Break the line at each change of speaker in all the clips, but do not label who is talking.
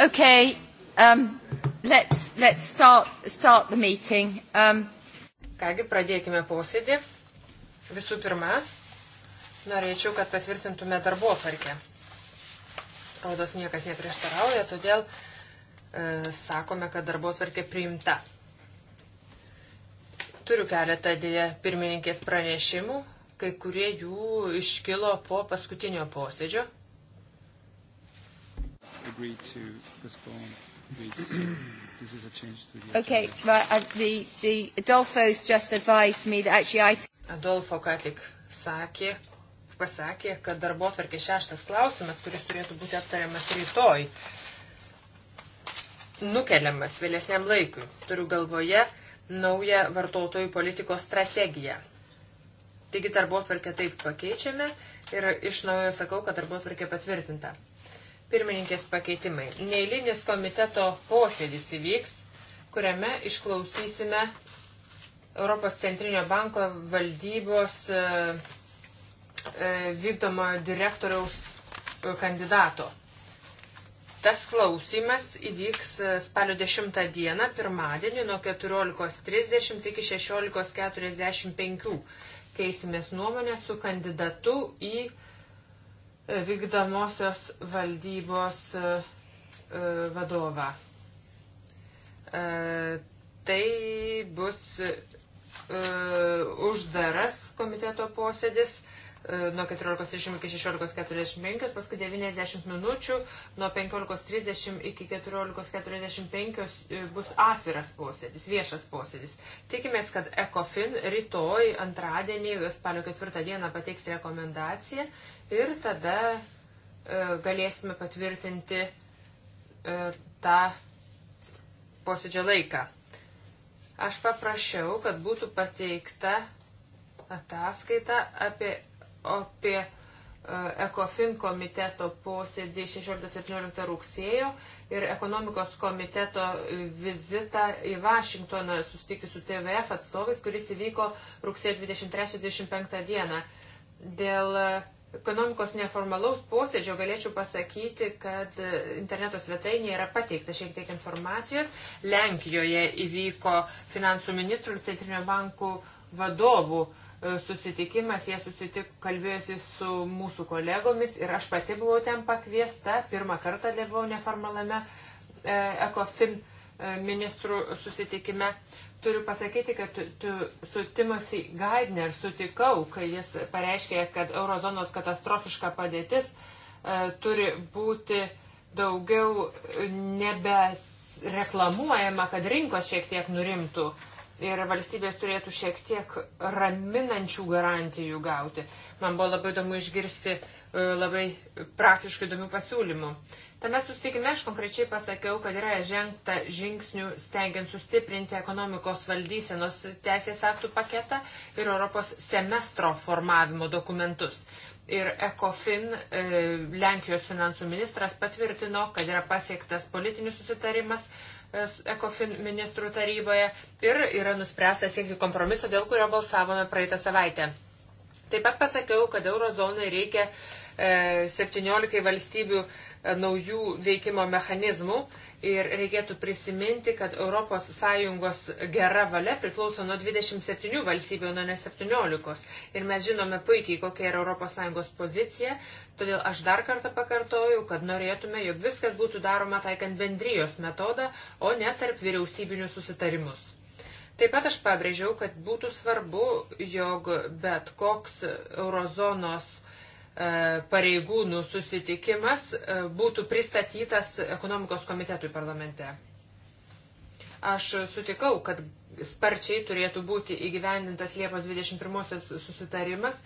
Okay, um, let's, let's start, start the meeting. Um, Kągi, pradėkime posėdį. Visų pirma, norėčiau, kad patvirtintume darbo tvarkę. Kaldos niekas neprieštarauja, todėl e, sakome, kad darbo tvarkė priimta. Turiu keletą dėje pirmininkės pranešimų, kai kurie jų iškilo po paskutinio posėdžio,
agreed to postpone this. this is a change to the Okay, agenda. but uh, the, the Adolfo's just advised me that actually I...
Adolfo ką tik sakė, pasakė, kad darbo atvarkė šeštas klausimas, kuris turėtų būti aptariamas rytoj, nukeliamas vėlesniam laikui. Turiu galvoje naują vartotojų politikos strategiją. Taigi darbo atvarkę taip pakeičiame ir iš naujo sakau, kad darbo atvarkė patvirtinta. Pirmininkės pakeitimai. Neįlinis komiteto posėdis įvyks, kuriame išklausysime Europos centrinio banko valdybos e, e, vykdomo direktoriaus e, kandidato. Tas klausimas įvyks spalio 10 dieną, pirmadienį nuo 14.30 iki 16.45. Keisimės nuomonę su kandidatu į vykdomosios valdybos e, e, vadovą. E, tai bus uždaras komiteto posėdis E, nuo 14.30 iki 16.45, paskui 90 minučių nuo 15.30 iki 14.45 e, bus afiras posėdis, viešas posėdis. Tikimės, kad ECOFIN rytoj, antradienį, spalio 4 dieną pateiks rekomendaciją ir tada e, galėsime patvirtinti e, tą posėdžio laiką. Aš paprašiau, kad būtų pateikta ataskaita apie apie e, ECOFIN komiteto posėdį 16-17 rugsėjo ir ekonomikos komiteto vizitą į Vašingtoną susitikti su TVF atstovais, kuris įvyko rugsėjo 23-25 dieną. Dėl e, ekonomikos neformalaus posėdžio galėčiau pasakyti, kad e, interneto svetainėje yra pateikta šiek tiek informacijos. Lenkijoje įvyko finansų ministrų ir centrinio bankų vadovų uh, E, susitikimas, jie susitik, kalbėjosi su mūsų kolegomis ir aš pati buvau ten pakviesta, pirmą kartą dalyvau neformalame e, ECOFIN e, ministrų susitikime. Turiu pasakyti, kad tu, tu, su Timasi Gaidner sutikau, kai jis pareiškė, kad eurozonos katastrofiška padėtis e, turi būti daugiau nebes reklamuojama, kad rinkos šiek tiek nurimtų. E, ir valstybės turėtų šiek tiek raminančių garantijų gauti. Man buvo labai įdomu išgirsti e, labai praktiškai įdomių pasiūlymų. Tame susitikime aš konkrečiai pasakiau, kad yra žengta žingsnių stengiant sustiprinti ekonomikos valdysenos teisės aktų paketą ir Europos semestro formavimo dokumentus. Ir ECOFIN e, Lenkijos finansų ministras patvirtino, kad yra pasiektas politinis susitarimas ECOFIN ministrų taryboje ir yra nuspręsta siekti kompromiso, dėl kurio balsavome praeitą savaitę. Taip pat pasakiau, kad eurozonai reikia 17 e, valstybių E, naujų veikimo mechanizmų ir reikėtų prisiminti, kad ES gera valia priklauso nuo 27 valstybių, nuo ne 17. Ir mes žinome puikiai, kokia yra ES pozicija, todėl aš dar kartą pakartoju, kad norėtume, jog viskas būtų daroma taikant bendrijos metodą, o ne tarp vyriausybinių susitarimus. Taip pat aš pabrėžiau, kad būtų svarbu, jog bet koks eurozonos E, pareigūnų susitikimas e, būtų pristatytas ekonomikos komitetui parlamente. Aš sutikau, kad sparčiai turėtų būti įgyvendintas Liepos 21 susitarimas,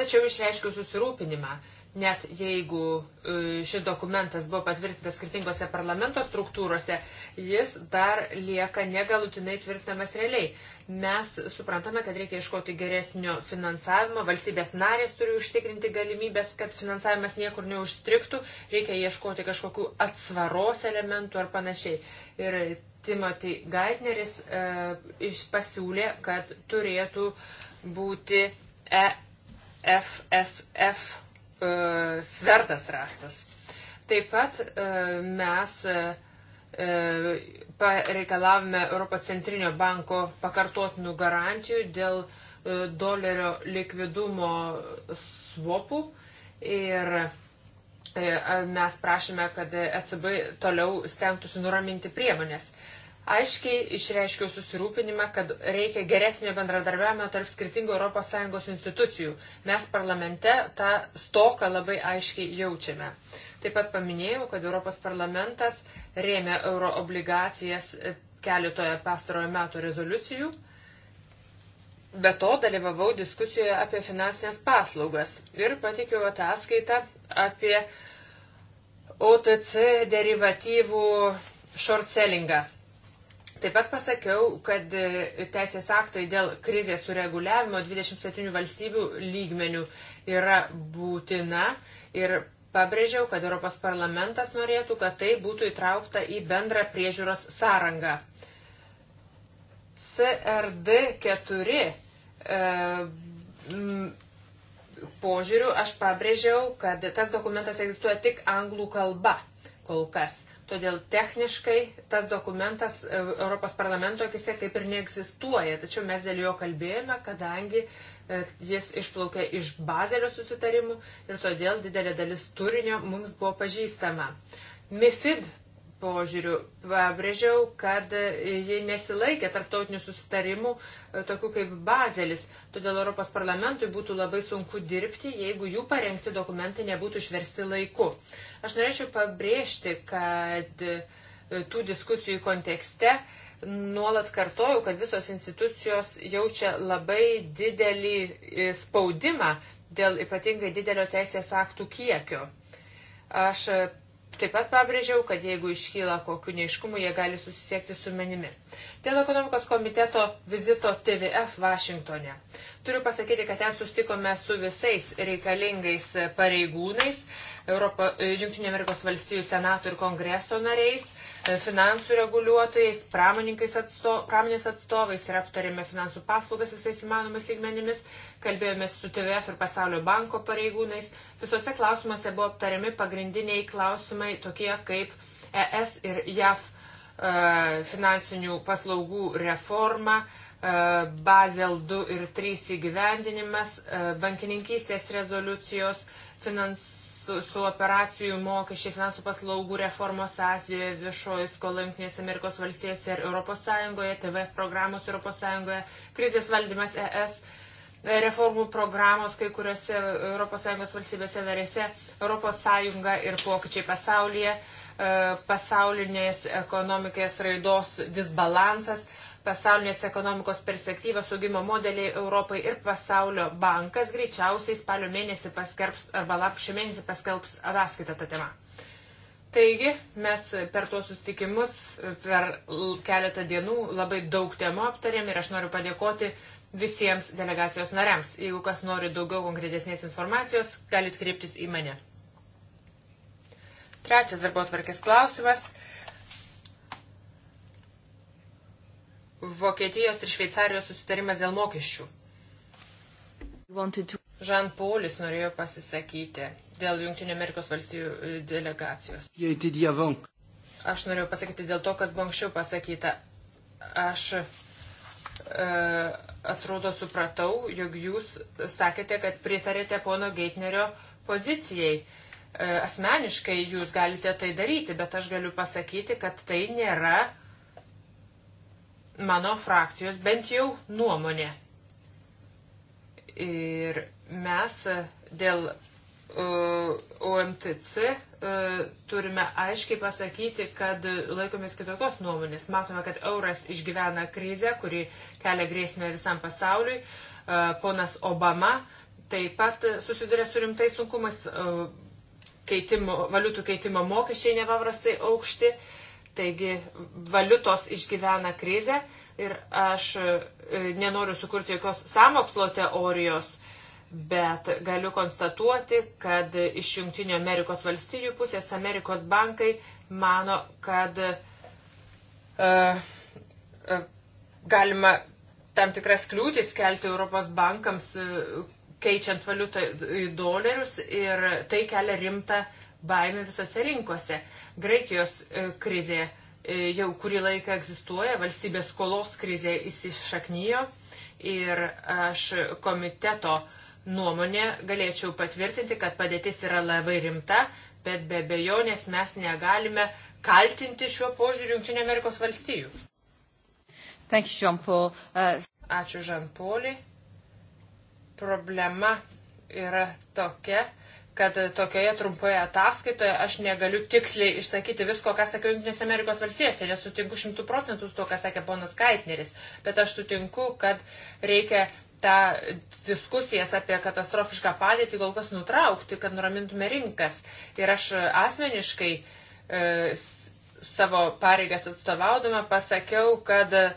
tačiau išreiškiau susirūpinimą, net jeigu e, šis dokumentas buvo patvirtintas skirtingose parlamento struktūrose, jis dar lieka negalutinai tvirtinamas realiai. Mes suprantame, kad reikia iškoti geresnio finansavimo, valstybės narės turi užtikrinti galimybės, kad finansavimas niekur neužstriktų, reikia ieškoti kažkokių atsvaros elementų ar panašiai. Ir Timothy Geithneris e, pasiūlė, kad turėtų būti EFSF E, svertas rastas. Taip pat e, mes e, pareikalavome Europos centrinio banko pakartotinų garantijų dėl dolerio likvidumo svopų ir mes prašome, kad ECB toliau stengtųsi nuraminti priemonės aiškiai išreiškiau susirūpinimą, kad reikia geresnio bendradarbiavimo tarp skirtingų ES institucijų. Mes parlamente tą stoką labai aiškiai jaučiame. Taip pat paminėjau, kad Europos parlamentas rėmė euro obligacijas keletoje pastarojo metų rezoliucijų. Be to dalyvavau diskusijoje apie finansinės paslaugas ir pateikiau ataskaitą apie OTC derivatyvų short sellingą Taip pat pasakiau, kad e, teisės aktai dėl krizės sureguliavimo 27 valstybių lygmenių yra būtina ir pabrėžiau, kad Europos parlamentas norėtų, kad tai būtų įtraukta į bendrą priežiūros sąrangą. CRD 4 e, m, požiūriu aš pabrėžiau, kad tas dokumentas egzistuoja tik anglų kalba kol kas. Todėl techniškai tas dokumentas e, Europos parlamento akise kaip ir neegzistuoja, tačiau mes dėl jo kalbėjome, kadangi e, jis išplaukė iš bazelio susitarimų ir todėl didelė dalis turinio mums buvo pažįstama. MIFID požiūrių. Pabrėžiau, kad ji nesilaikė tarptautinių susitarimų, e, tokių kaip bazelis. Todėl Europos parlamentui būtų labai sunku dirbti, jeigu jų parengti dokumentai nebūtų išversti laiku. Aš norėčiau pabrėžti, kad e, tų diskusijų kontekste nuolat kartoju, kad visos institucijos jaučia labai didelį e, spaudimą dėl ypatingai didelio teisės aktų kiekio. Aš Taip pat pabrėžiau, kad jeigu iškyla kokiu neiškumu, jie gali susisiekti su manimi. Dėl ekonomikos komiteto vizito TVF Vašingtone. Turiu pasakyti, kad ten sustikome su visais reikalingais pareigūnais, Žingsnių Amerikos valstybių senato ir kongreso nariais, E, finansų reguliuotojais, atsto, pramonės atstovais ir aptarėme finansų paslaugas visais įmanomais lygmenimis, kalbėjomės su TVF ir Pasaulio banko pareigūnais. Visose klausimuose buvo aptariami pagrindiniai klausimai tokie kaip ES ir JAF e, finansinių paslaugų reforma, e, Bazel 2 ir 3 įgyvendinimas, bankininkystės rezoliucijos, finansavimas su operacijų mokesčiai, finansų paslaugų reformos Azijoje, viešoji skola Junktinės Amerikos valstijose ir Europos Sąjungoje, TVF programos Europos Sąjungoje, krizės valdymas ES, reformų programos kai kuriuose Europos Sąjungos valstybėse narėse, Europos Sąjunga ir pokyčiai pasaulyje, e, pasaulinės ekonomikės raidos disbalansas pasaulinės ekonomikos perspektyvos augimo modeliai Europai ir pasaulio bankas greičiausiai spalio mėnesį paskelbs arba lapšio mėnesį paskelbs ataskaitą tą temą. Taigi, mes per tuos sustikimus, per keletą dienų labai daug temų aptarėm ir aš noriu padėkoti visiems delegacijos nariams. Jeigu kas nori daugiau konkretesnės informacijos, galit kreiptis į mane. Trečias darbo atvarkės klausimas Vokietijos ir Šveicarijos susitarimas dėl mokesčių. Žan Paulis norėjo pasisakyti dėl Junktinio Amerikos valstybių e, delegacijos. Aš norėjau pasakyti dėl to, kas buvo anksčiau pasakyta. Aš e, atrodo supratau, jog jūs sakėte, kad pritarėte pono Geitnerio pozicijai. E, asmeniškai jūs galite tai daryti, bet aš galiu pasakyti, kad tai nėra e, mano frakcijos bent jau nuomonė. Ir mes dėl e, OMTC e, turime aiškiai pasakyti, kad laikomės kitokios nuomonės. Matome, kad euras išgyvena krizę, kuri kelia grėsmę visam pasauliui. E, ponas Obama taip pat susiduria su rimtais sunkumais. Keitimo, valiutų keitimo mokesčiai nepaprastai aukšti. Uh, Taigi valiutos išgyvena krizę ir aš e, nenoriu sukurti jokios samokslo teorijos, bet galiu konstatuoti, kad iš Junktinio Amerikos valstijų pusės Amerikos bankai mano, kad uh, uh, galima tam tikras kliūtis kelti Europos bankams, uh, keičiant valiutą į dolerius ir tai kelia rimtą uh, baimė visose rinkose. Graikijos e, krizė e, jau kurį laiką egzistuoja, valstybės skolos krizė įsišaknyjo ir aš komiteto nuomonė galėčiau patvirtinti, kad padėtis yra labai rimta, bet be bejonės mes negalime kaltinti šiuo požiūriu Junktinio Amerikos valstijų. Thank you, Jean Paul. Uh... Ačiū, Žanpolį. Problema yra tokia, kad tokioje trumpoje ataskaitoje aš negaliu tiksliai išsakyti visko, ką sakė Junktinės Amerikos valstijose, nes sutinku šimtų procentų su to, ką sakė ponas Kaitneris, bet aš sutinku, kad reikia tą diskusijas apie katastrofišką padėtį kol kas nutraukti, kad nuramintume rinkas. Ir aš asmeniškai e, savo pareigas atstovaudama pasakiau, kad e,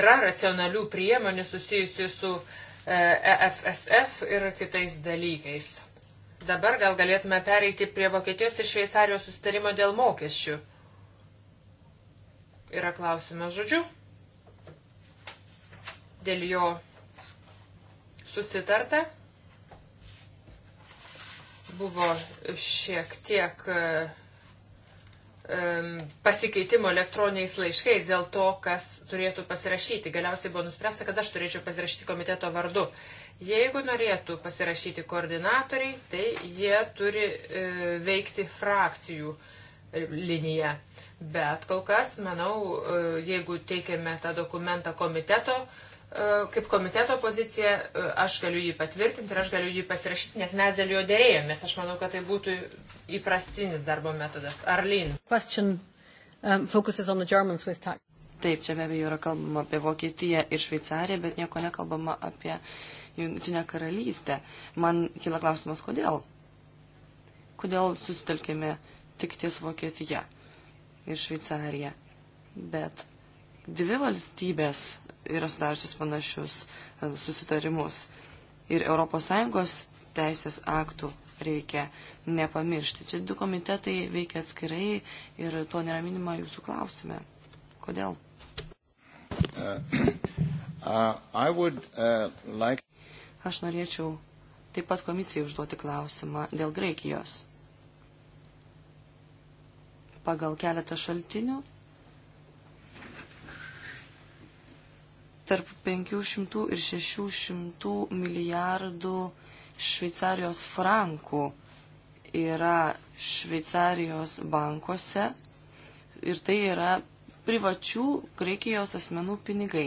yra racionalių priemonių susijusių su e, EFSF e ir kitais dalykais. Dabar gal galėtume pereiti prie Vokietijos ir Šveicarijos sustarimo dėl mokesčių. Yra klausimas žodžiu. Dėl jo susitarta. Buvo šiek tiek e, pasikeitimo elektroniniais laiškais dėl to, kas turėtų pasirašyti. Galiausiai buvo nuspręsta, kad aš turėčiau pasirašyti komiteto vardu. Jeigu norėtų pasirašyti koordinatoriai, tai jie turi e, veikti frakcijų e, liniją. Bet kol kas, manau, e, jeigu teikiame tą dokumentą komiteto E, kaip komiteto poziciją, e, aš galiu jį patvirtinti ir aš galiu jį pasirašyti, nes mes dėl jo dėrėjomės. Aš manau, kad tai būtų įprastinis darbo metodas. Arlin.
Question, um,
Taip, čia be abejo yra kalbama apie Vokietiją ir Šveicariją, bet nieko nekalbama apie Junktinę karalystę. Man kila klausimas, kodėl? Kodėl susitelkėme tik ties Vokietiją ir Šveicariją? Bet dvi valstybės yra sudariusios panašius e, susitarimus. Ir ES teisės aktų reikia nepamiršti. Čia du komitetai veikia atskirai ir to nėra minima jūsų klausime. Kodėl? Uh, uh, would, uh, like... Aš norėčiau taip pat komisijai užduoti klausimą dėl Graikijos. Pagal keletą šaltinių tarp 500 ir 600 milijardų Šveicarijos frankų yra Šveicarijos bankuose ir tai yra privačių Graikijos asmenų pinigai.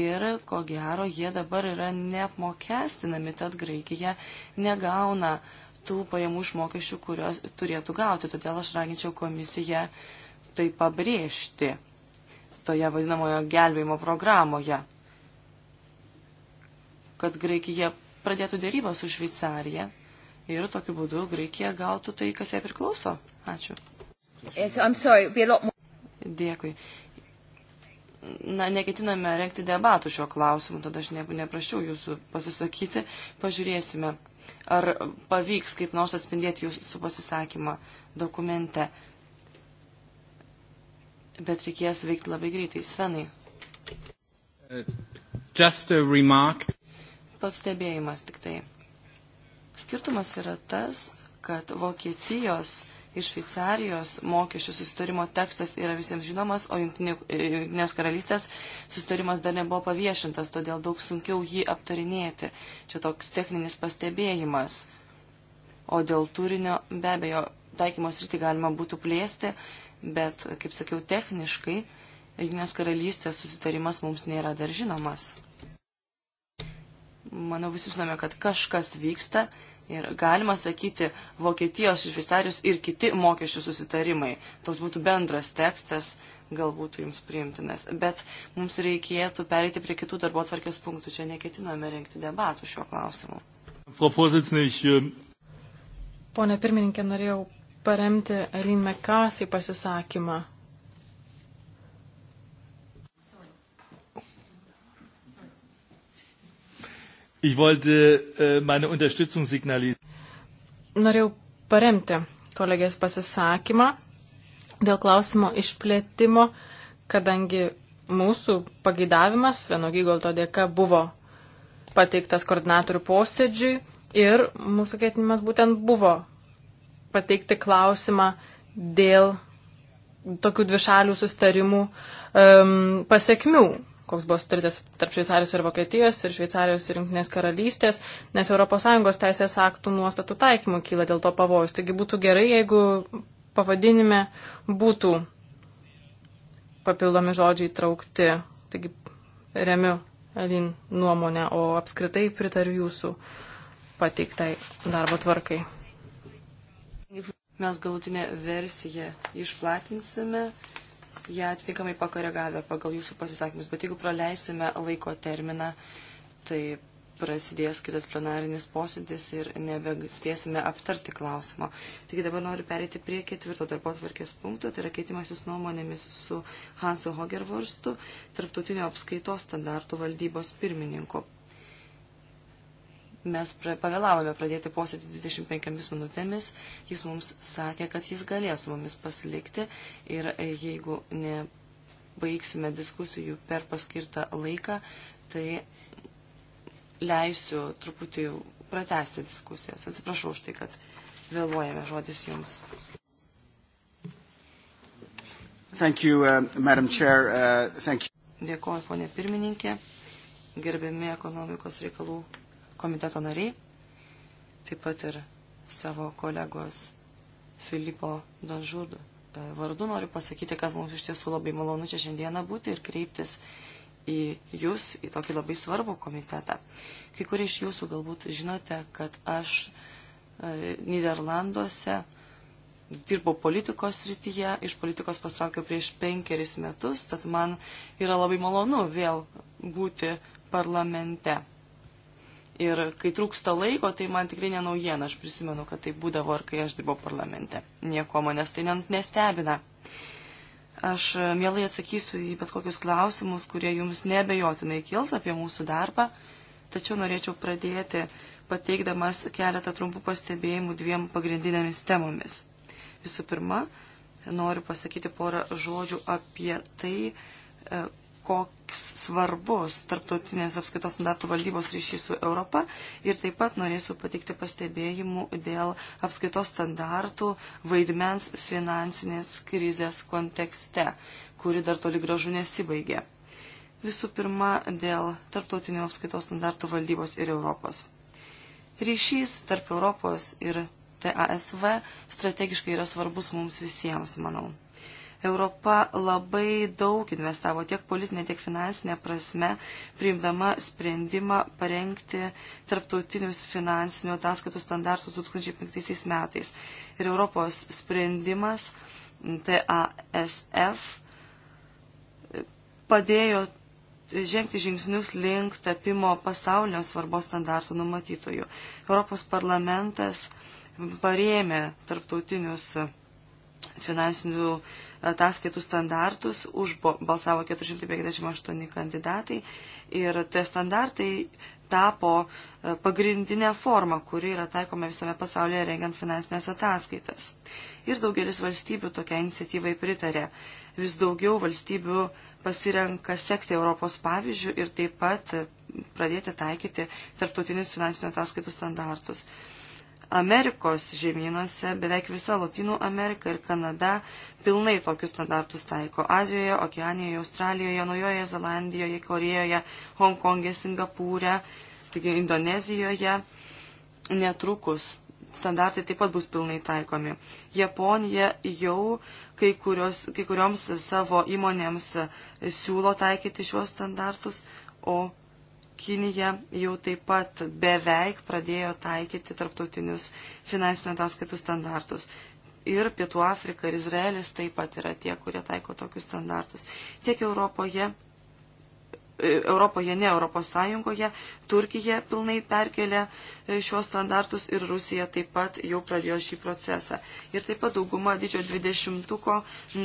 Ir ko gero, jie dabar yra neapmokestinami, tad Graikija negauna tų pajamų iš mokesčių, kurios turėtų gauti. Todėl aš raginčiau komisiją tai pabrėžti toje vadinamojo gelbėjimo programoje, kad Graikija pradėtų dėrybą su Šveicarija ir tokiu būdu Graikija gautų tai, kas jai priklauso. Ačiū. Dėkui. Na, neketiname renkti debatų šio klausimu, tada aš ne, neprašiau jūsų pasisakyti. Pažiūrėsime, ar pavyks kaip nors atspindėti jūsų pasisakymą dokumente bet reikės veikti labai greitai. Svenai.
Just a remark.
Pats stebėjimas tik tai. Skirtumas yra tas, kad Vokietijos ir Šveicarijos mokesčių susitarimo tekstas yra visiems žinomas, o Junktinės karalystės susitarimas dar nebuvo paviešintas, todėl daug sunkiau jį aptarinėti. Čia toks techninis pastebėjimas. O dėl turinio be abejo taikymos rytį galima būtų plėsti bet, kaip sakiau, techniškai Jungtinės karalystės susitarimas mums nėra dar žinomas. Manau, visi žinome, kad kažkas vyksta ir galima sakyti Vokietijos, Šveicarijos ir kiti mokesčių susitarimai. Tos būtų bendras tekstas, galbūt jums priimtinas. Bet mums reikėtų pereiti prie kitų darbo tvarkės punktų. Čia neketinome rengti debatų šiuo klausimu.
Äh,
Pone pirmininkė, norėjau paremti Eileen McCarthy pasisakymą. Ich wollte äh, meine Unterstützung signalisieren. Norėjau paremti kolegės pasisakymą dėl klausimo išplėtimo, kadangi mūsų pagidavimas vienogygolto dėka buvo pateiktas koordinatorių posėdžiui ir mūsų ketinimas būtent buvo pateikti klausimą dėl tokių dvišalių sustarimų um, pasiekmių, koks buvo sutaritas tarp Šveicarijos ir Vokietijos ir Šveicarijos ir Junktinės karalystės, nes ES teisės aktų nuostatų taikymų kyla dėl to pavojus. Taigi būtų gerai, jeigu pavadinime būtų papildomi žodžiai traukti. Taigi remiu Evin nuomonę, o apskritai pritariu jūsų pateiktai darbo tvarkai.
Mes galutinę versiją išplatinsime, ją atitinkamai pakoregavę pagal jūsų pasisakymus, bet jeigu praleisime laiko terminą, tai prasidės kitas plenarinis posėdis ir nebespėsime aptarti klausimo. Taigi dabar noriu perėti prie ketvirto darbo tvarkės punkto, tai yra keitimasis nuomonėmis su Hansu Hogervorstu, tarptautinio apskaitos standartų valdybos pirmininku. Mes pavėlavome pradėti posėdį 25 minutėmis, jis mums sakė, kad jis galės su mumis pasilikti ir e, jeigu nebaigsime diskusijų per paskirtą laiką, tai leisiu truputį pratesti diskusijas. Atsiprašau už tai, kad vėluojame žodis jums. Thank you, uh, Madam Chair. Uh, thank you. Dėkuoju, ponė pirmininkė, gerbiami ekonomikos reikalų komiteto nariai, taip pat ir savo kolegos Filipo Donžudų e, vardu noriu pasakyti, kad mums iš tiesų labai malonu čia šiandieną būti ir kreiptis į jūs, į tokį labai svarbų komitetą. Kai kurie iš jūsų galbūt žinote, kad aš e, Niderlanduose dirbau politikos srityje, iš politikos pastraukiau prieš penkeris metus, tad man yra labai malonu vėl būti parlamente. Ir kai trūksta laiko, tai man tikrai nenaujiena. Aš prisimenu, kad tai būdavo ir kai aš dirbau parlamente. Nieko manęs tai nestebina. Aš e, mielai atsakysiu į bet kokius klausimus, kurie jums nebejotinai kils apie mūsų darbą, tačiau norėčiau pradėti pateikdamas keletą trumpų pastebėjimų dviem pagrindinėmis temomis. Visų pirma, noriu pasakyti porą žodžių apie tai, e, koks svarbus tarptautinės apskaitos standartų valdybos ryšys su Europa ir taip pat norėsiu pateikti pastebėjimų dėl apskaitos standartų vaidmens finansinės krizės kontekste, kuri dar toli gražu nesibaigė. Visų pirma, dėl tarptautinio apskaitos standartų valdybos ir Europos. Ryšys tarp Europos ir TASV strategiškai yra svarbus mums visiems, manau. Europa labai daug investavo tiek politinė, tiek finansinė prasme, priimdama sprendimą parengti tarptautinius finansinių ataskaitų standartus 2005 metais. Ir Europos sprendimas TASF padėjo žengti žingsnius link tapimo pasaulinio svarbos standartų numatytojų. Europos parlamentas parėmė tarptautinius finansinių ataskaitų standartus, už balsavo 458 kandidatai ir tie standartai tapo e, pagrindinė forma, kuri yra taikoma visame pasaulyje rengiant finansinės ataskaitas. Ir daugelis valstybių tokia iniciatyvai pritarė. Vis daugiau valstybių pasirenka sekti Europos pavyzdžių ir taip pat e, pradėti taikyti tarptautinius finansinių ataskaitų standartus. Amerikos žemynuose beveik visa Latinų Amerika ir Kanada pilnai tokius standartus taiko. Azijoje, Okeanijoje, Australijoje, Naujoje Zelandijoje, Korejoje, Hongkongė, Singapūrė, taigi Indonezijoje netrukus standartai taip pat bus pilnai taikomi. Japonija jau kai, kurios, kai kurioms savo įmonėms siūlo taikyti šiuos standartus, o Kinija jau taip pat beveik pradėjo taikyti tarptautinius finansinių ataskaitų standartus. Ir Pietų Afrika ir Izraelis taip pat yra tie, kurie taiko tokius standartus. Tiek Europoje Europoje, ne Europos Sąjungoje. Turkija pilnai perkelia e, šiuos standartus ir Rusija taip pat jau pradėjo šį procesą. Ir taip pat dauguma didžio dvidešimtuko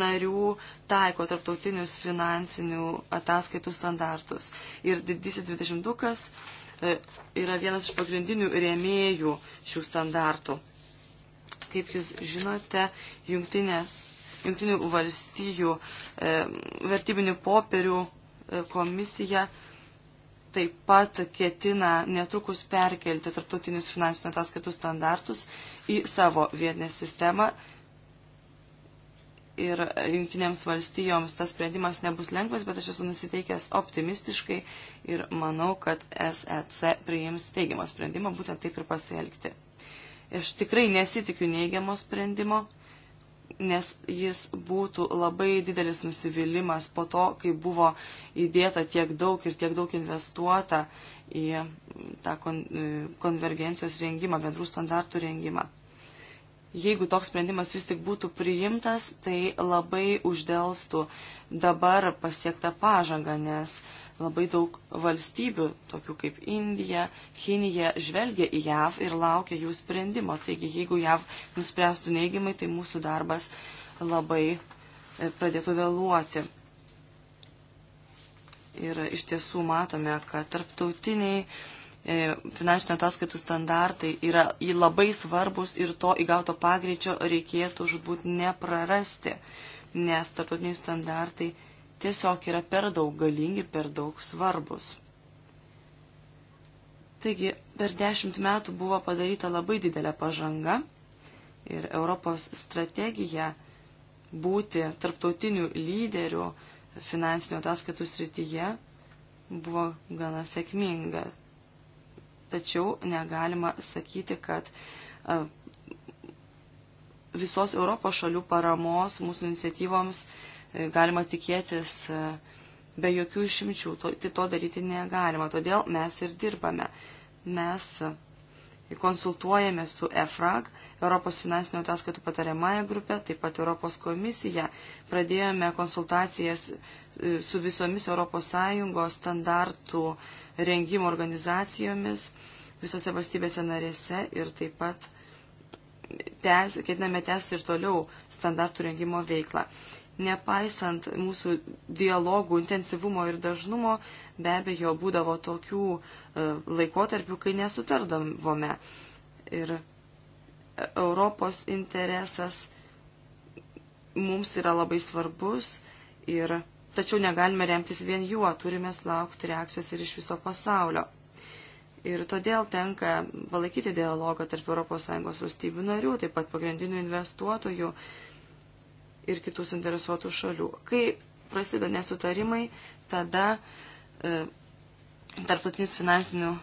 narių taiko tarptautinius finansinių ataskaitų standartus. Ir didysis dvidešimtukas e, yra vienas iš pagrindinių rėmėjų šių standartų. Kaip jūs žinote, jungtinės, jungtinių valstijų e, vertybinių popierių komisija taip pat ketina netrukus perkelti tarptautinius finansinių ataskaitų standartus į savo vietinę sistemą. Ir jungtinėms valstijoms tas sprendimas nebus lengvas, bet aš esu nusiteikęs optimistiškai ir manau, kad SEC priims teigiamą sprendimą, būtent taip ir pasielgti. Aš tikrai nesitikiu neigiamo sprendimo nes jis būtų labai didelis nusivylimas po to, kai buvo įdėta tiek daug ir tiek daug investuota į tą konvergencijos rengimą, bendrų standartų rengimą jeigu toks sprendimas vis tik būtų priimtas, tai labai uždėlstų dabar pasiektą pažangą, nes labai daug valstybių, tokių kaip Indija, Kinija, žvelgia į JAV ir laukia jų sprendimo. Taigi, jeigu JAV nuspręstų neigiamai, tai mūsų darbas labai e, pradėtų vėluoti. Ir iš tiesų matome, kad tarptautiniai E, finansinio ataskaitų standartai yra labai svarbus ir to įgauto pagreičio reikėtų žudbūt neprarasti, nes tarptautiniai standartai tiesiog yra per daug galingi, per daug svarbus. Taigi, per dešimt metų buvo padaryta labai didelė pažanga ir Europos strategija būti tarptautiniu lyderiu finansinio ataskaitų srityje buvo gana sėkminga tačiau negalima sakyti, kad visos Europos šalių paramos mūsų iniciatyvoms e, galima tikėtis be jokių išimčių. To, tai to daryti negalima, todėl mes ir dirbame. Mes konsultuojame su EFRAG, Europos finansinio ataskaitų patariamąją grupę, taip pat Europos komisiją. Pradėjome konsultacijas e, su visomis ES standartų uh, rengimo organizacijomis visose valstybėse narėse ir taip pat tęs, ketiname tęsti ir toliau standartų rengimo veiklą. Nepaisant mūsų dialogų intensyvumo ir dažnumo, be abejo, būdavo tokių e, laikotarpių, kai nesutardavome. Ir Europos interesas mums yra labai svarbus ir tačiau negalime remtis vien juo, turime laukti reakcijos ir iš viso pasaulio. Ir todėl tenka palaikyti dialogą tarp ES valstybių narių, taip pat pagrindinių investuotojų ir kitų suinteresuotų šalių. Kai prasideda nesutarimai, tada e, tarptautinis finansinių,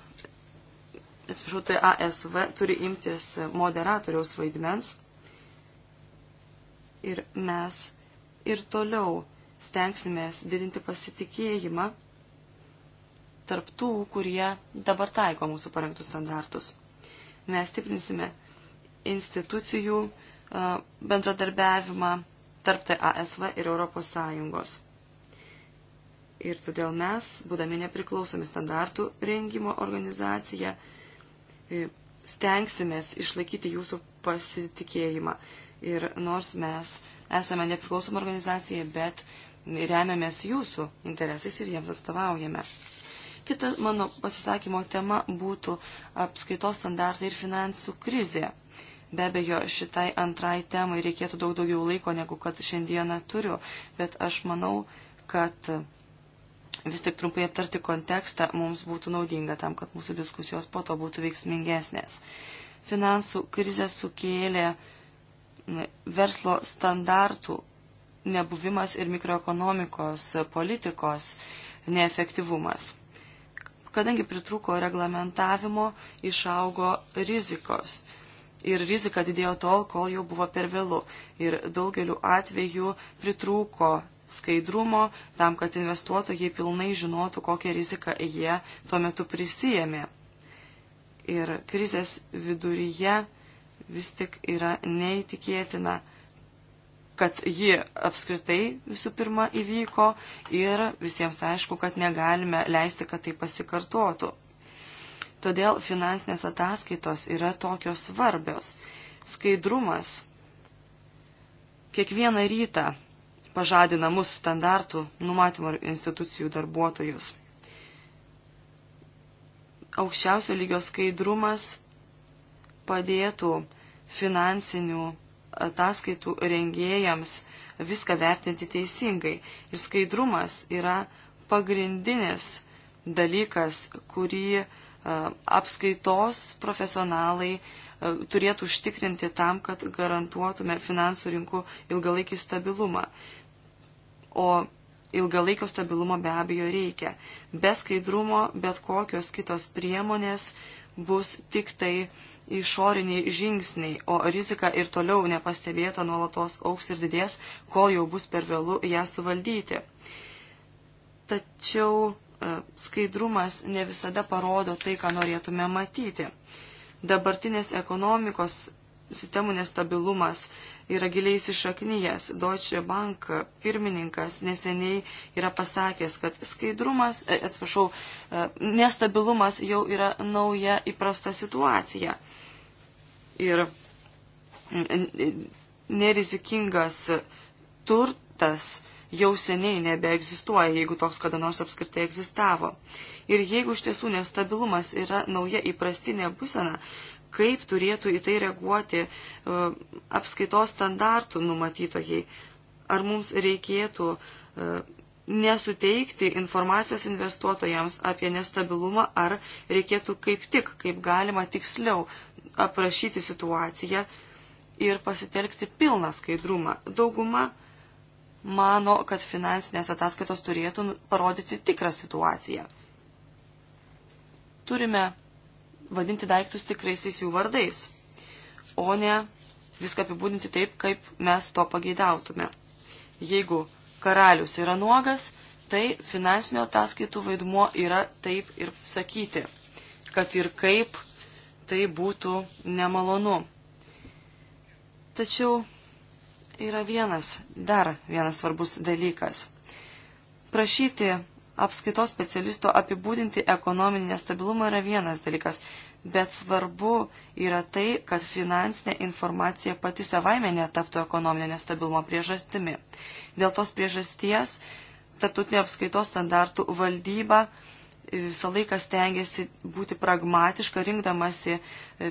atsiprašau, tai ASV turi imtis moderatoriaus vaidmens ir mes ir toliau stengsimės didinti pasitikėjimą tarptų, kurie dabar taiko mūsų parengtus standartus. Mes stiprinsime institucijų bendradarbiavimą tarp TASV ir Europos Sąjungos. Ir todėl mes, būdami nepriklausomi standartų rengimo organizacija, stengsimės išlaikyti jūsų pasitikėjimą. Ir nors mes esame nepriklausoma organizacija, bet remiamės jūsų interesais ir jiems atstovaujame. Kita mano pasisakymo tema būtų apskaitos standartai ir finansų krizė. Be abejo, šitai antrai temai reikėtų daug daugiau laiko, negu kad šiandieną turiu, bet aš manau, kad vis tik trumpai aptarti kontekstą mums būtų naudinga tam, kad mūsų diskusijos po to būtų veiksmingesnės. Finansų krizė sukėlė verslo standartų nebuvimas ir mikroekonomikos politikos neefektyvumas. Kadangi pritruko reglamentavimo, išaugo rizikos. Ir rizika didėjo tol, kol jau buvo per vėlų. Ir daugeliu atveju pritruko skaidrumo tam, kad investuotojai pilnai žinotų, kokią riziką jie tuo metu prisijėmė. Ir krizės viduryje vis tik yra neįtikėtina kad ji apskritai visų pirma įvyko ir visiems aišku, kad negalime leisti, kad tai pasikartotų. Todėl finansinės ataskaitos yra tokios svarbios. Skaidrumas kiekvieną rytą pažadina mūsų standartų numatymo institucijų darbuotojus. Aukščiausio lygio skaidrumas padėtų finansinių ataskaitų rengėjams viską vertinti teisingai. Ir skaidrumas yra pagrindinis dalykas, kurį e, apskaitos profesionalai e, turėtų užtikrinti tam, kad garantuotume finansų rinkų ilgalaikį stabilumą. O ilgalaikio stabilumo be abejo reikia. Be skaidrumo bet kokios kitos priemonės bus tik tai uh, išoriniai žingsniai, o rizika ir toliau nepastebėta nuolatos auks ir didės, kol jau bus per vėlų ją suvaldyti. Tačiau e, skaidrumas ne visada parodo tai, ką norėtume matyti. Dabartinės ekonomikos sistemų nestabilumas yra giliai įsišaknyjęs. Deutsche Bank pirmininkas neseniai yra pasakęs, kad skaidrumas, e, atsiprašau, e, nestabilumas jau yra nauja įprasta situacija ir e, e, nerizikingas turtas jau seniai nebeegzistuoja, jeigu toks kada nors apskritai egzistavo. Ir jeigu iš tiesų nestabilumas yra nauja įprastinė būsena, kaip turėtų į tai reaguoti uh, apskaitos standartų numatytojai? Ar mums reikėtų uh, nesuteikti informacijos investuotojams apie nestabilumą, ar reikėtų kaip tik, kaip galima tiksliau aprašyti situaciją ir pasitelkti pilną skaidrumą. Dauguma mano, kad finansinės ataskaitos turėtų parodyti tikrą situaciją. Turime vadinti daiktus tikraisiais jų vardais, o ne viską apibūdinti taip, kaip mes to pageidautume. Jeigu karalius yra nuogas, tai finansinio ataskaitų vaidmuo yra taip ir sakyti, kad ir kaip tai būtų nemalonu. Tačiau yra vienas, dar vienas svarbus dalykas. Prašyti apskaitos specialisto apibūdinti ekonominį nestabilumą yra vienas dalykas, bet svarbu yra tai, kad finansinė informacija pati savaime netaptų ekonominio nestabilumo priežastimi. Dėl tos priežasties tarptautinio apskaitos standartų valdyba visą laiką stengiasi būti pragmatiška, rinkdamasi e,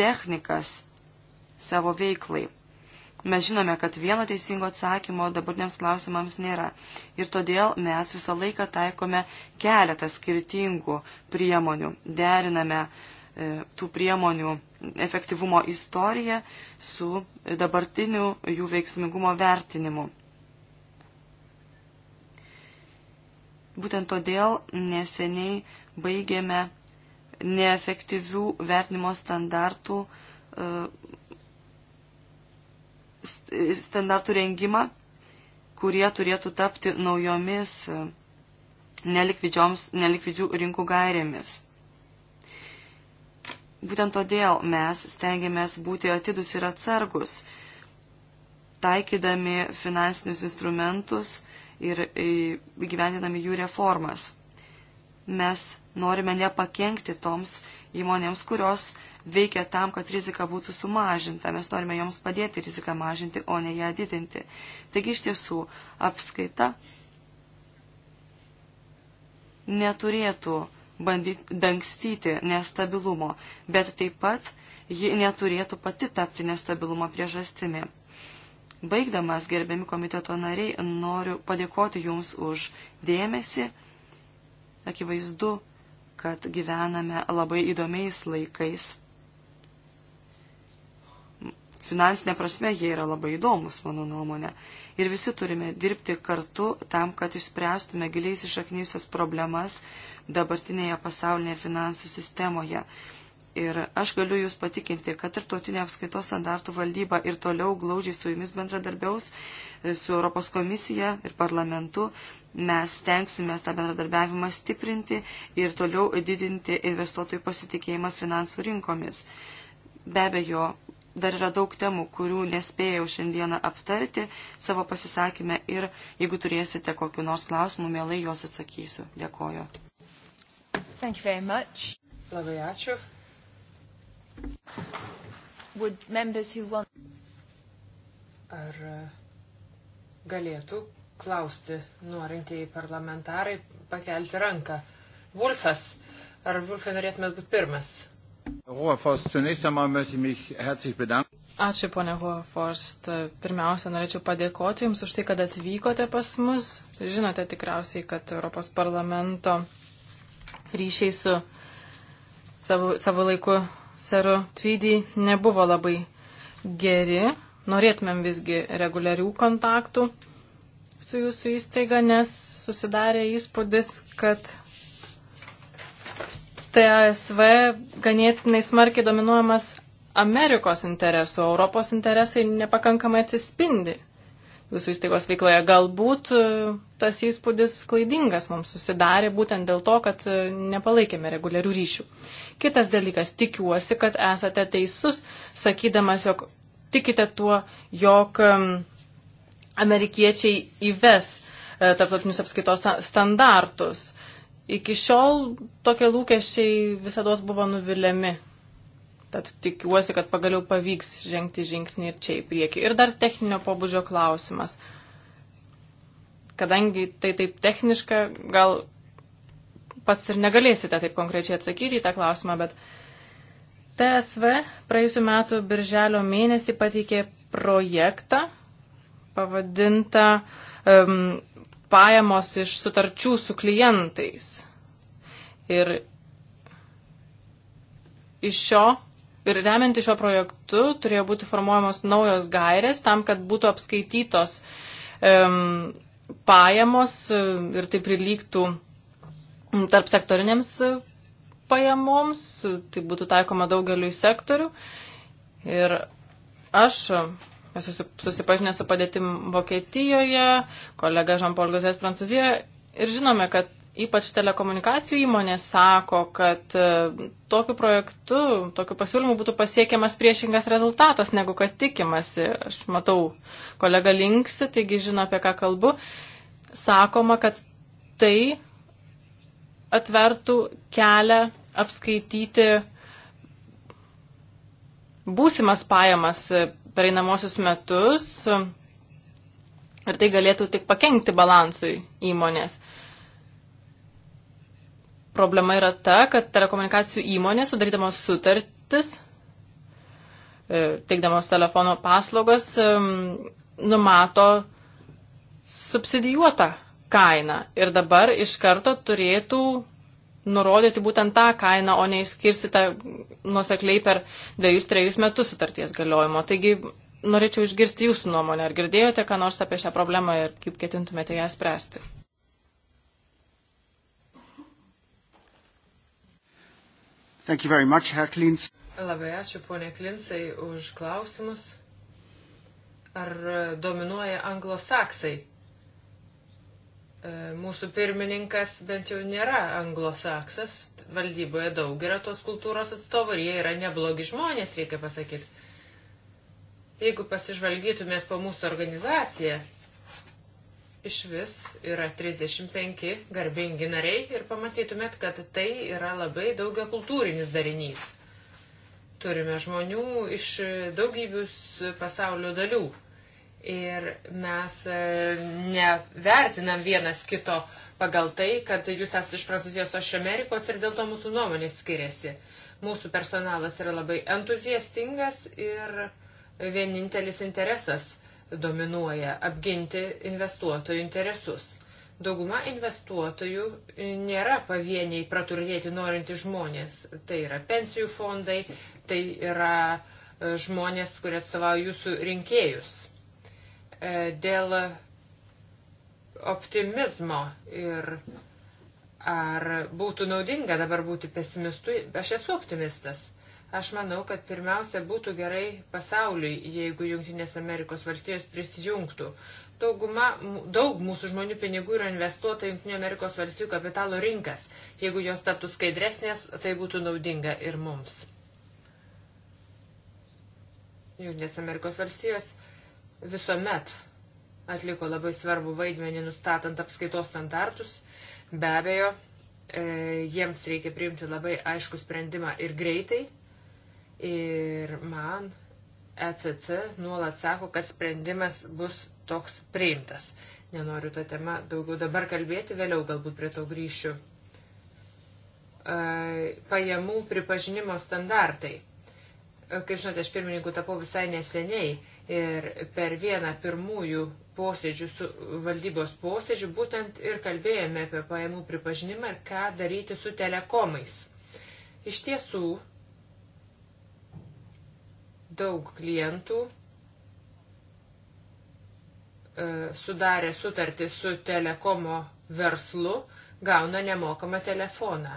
technikas savo veiklai. Mes žinome, kad vieno teisingo atsakymo dabartiniams klausimams nėra ir todėl mes visą laiką taikome keletą skirtingų priemonių, deriname e, tų priemonių efektyvumo istoriją su dabartiniu jų veiksmingumo vertinimu. Būtent todėl neseniai baigėme neefektyvių vertinimo standartų, e, standartų rengimą, kurie turėtų tapti naujomis e, nelikvidžių rinkų gairėmis. Būtent todėl mes stengiamės būti atidus ir atsargus, taikydami finansinius instrumentus, ir e, įgyvendinami jų reformas. Mes norime nepakenkti toms įmonėms, kurios veikia tam, kad rizika būtų sumažinta. Mes norime joms padėti riziką mažinti, o ne ją didinti. Taigi iš tiesų apskaita neturėtų bandyti dangstyti nestabilumo, bet taip pat ji neturėtų pati tapti nestabilumo priežastimi. Baigdamas, gerbiami komiteto nariai, noriu padėkoti Jums už dėmesį. Akivaizdu, kad gyvename labai įdomiais laikais. Finansinė prasme jie yra labai įdomus, mano nuomonė. Ir visi turime dirbti kartu tam, kad išspręstume giliai išaknyjusias problemas dabartinėje pasaulinėje finansų sistemoje Ir aš galiu Jūs patikinti, kad tarptautinė apskaitos standartų valdyba ir toliau glaudžiai su Jumis bendradarbiaus, e, su Europos komisija ir parlamentu. Mes tenksime tą bendradarbiavimą stiprinti ir toliau didinti investuotojų pasitikėjimą finansų rinkomis. Be abejo, dar yra daug temų, kurių nespėjau šiandieną aptarti savo pasisakymę ir jeigu turėsite kokiu nors klausimu, mielai juos atsakysiu. Dėkoju.
Labai ačiū. Want... Ar e, galėtų klausti norintieji parlamentarai pakelti ranką?
Wolfas, ar Wolfai norėtumėt būti pirmas? Ačiū, ponė Hoforst. Pirmiausia, norėčiau padėkoti Jums už tai, kad atvykote pas mus. Žinote tikriausiai, kad Europos parlamento ryšiai su savo, savo laiku seru Tvydy nebuvo labai geri. Norėtumėm visgi reguliarių kontaktų su jūsų įstaiga, nes susidarė įspūdis, kad TASV ganėtinai smarkiai dominuojamas Amerikos interesų, Europos interesai nepakankamai atsispindi jūsų įstaigos veikloje. Galbūt e, tas įspūdis klaidingas mums susidarė būtent dėl to, kad e, nepalaikėme reguliarių ryšių. Kitas dalykas, tikiuosi, kad esate teisus, sakydamas, jog tikite tuo, jog amerikiečiai įves e, tarptautinius apskaitos standartus. Iki šiol tokie lūkesčiai visada buvo nuviliami Tad tikiuosi, kad pagaliau pavyks žengti žingsnį ir čia į priekį. Ir dar techninio pobūdžio klausimas. Kadangi tai taip techniška, gal pats ir negalėsite taip konkrečiai atsakyti į tą klausimą, bet TSV praėjusiu metu birželio mėnesį pateikė projektą pavadintą um, pajamos iš sutarčių su klientais. Ir iš šio Ir remianti šio projektu turėjo būti formuojamos naujos gairės tam, kad būtų apskaitytos um, pajamos e, ir tai prilygtų tarp sektorinėms e, pajamoms, tai būtų taikoma daugeliu sektorių. Ir aš e, esu susipažinęs su padėtim Vokietijoje, kolega Jean-Paul Gazet Prancūzijoje ir žinome, kad ypač telekomunikacijų įmonės sako, kad e, tokiu projektu, tokiu pasiūlymu būtų pasiekiamas priešingas rezultatas, negu kad tikimasi. Aš matau, kolega linksi, taigi žino, apie ką kalbu. Sakoma, kad tai atvertų kelią apskaityti būsimas pajamas pereinamosius metus ir tai galėtų tik pakengti balansui įmonės problema yra ta, kad telekomunikacijų įmonės, sudarydamos sutartis, e, teikdamos telefono paslaugas, numato subsidijuotą kainą. Ir dabar iš karto turėtų nurodyti būtent tą kainą, o ne išskirsti tą nusekliai per dviejus, trejus metus sutarties galiojimo. Taigi norėčiau išgirsti jūsų nuomonę. Ar girdėjote, ką nors apie šią problemą ir kaip ketintumėte ją spręsti?
Thank you very much, Herr Klins. Labai ačiū, ponė Klinsai, už klausimus. Ar dominuoja anglosaksai? E, mūsų pirmininkas bent jau nėra anglosaksas, valdyboje daug yra tos kultūros atstovų ir jie yra neblogi žmonės, reikia pasakyti. Jeigu pasižvalgytumėt po mūsų organizaciją, iš vis yra 35 garbingi nariai ir pamatytumėt, kad tai yra labai daugia kultūrinis darinys. Turime žmonių iš daugybius pasaulio dalių ir mes e, nevertinam vienas kito pagal tai, kad jūs esate iš Prancūzijos, aš iš Amerikos ir dėl to mūsų nuomonės skiriasi. Mūsų personalas yra labai entuziastingas ir vienintelis interesas dominuoja - apginti investuotojų interesus. Dauguma investuotojų nėra pavieniai praturėti norintys žmonės. Tai yra pensijų fondai, tai yra e, žmonės, kurie atstovauja jūsų rinkėjus. E, dėl optimizmo ir ar būtų naudinga dabar būti pesimistui, aš esu optimistas Aš manau, kad pirmiausia būtų gerai pasauliui, jeigu Junktinės Amerikos valstijos prisijungtų. Dauguma, daug mūsų žmonių pinigų yra investuota Junktinio Amerikos valstijų kapitalo rinkas. Jeigu jos taptų skaidresnės, tai būtų naudinga ir mums. Junktinės Amerikos valstijos visuomet atliko labai svarbu vaidmenį nustatant apskaitos standartus. Be abejo, e, jiems reikia priimti labai aišku sprendimą ir greitai, Ir man ECC nuolat sako, kad sprendimas bus toks priimtas. Nenoriu tą temą daugiau dabar kalbėti, vėliau galbūt prie to grįšiu. E, pajamų pripažinimo standartai. E, kaip žinote, aš pirmininku tapau visai neseniai ir per vieną pirmųjų posėdžių su valdybos posėdžių būtent ir kalbėjome apie pajamų pripažinimą ir ką daryti su telekomais. Iš tiesų, daug klientų e, sudarė sutartį su telekomo verslu, gauna nemokamą telefoną.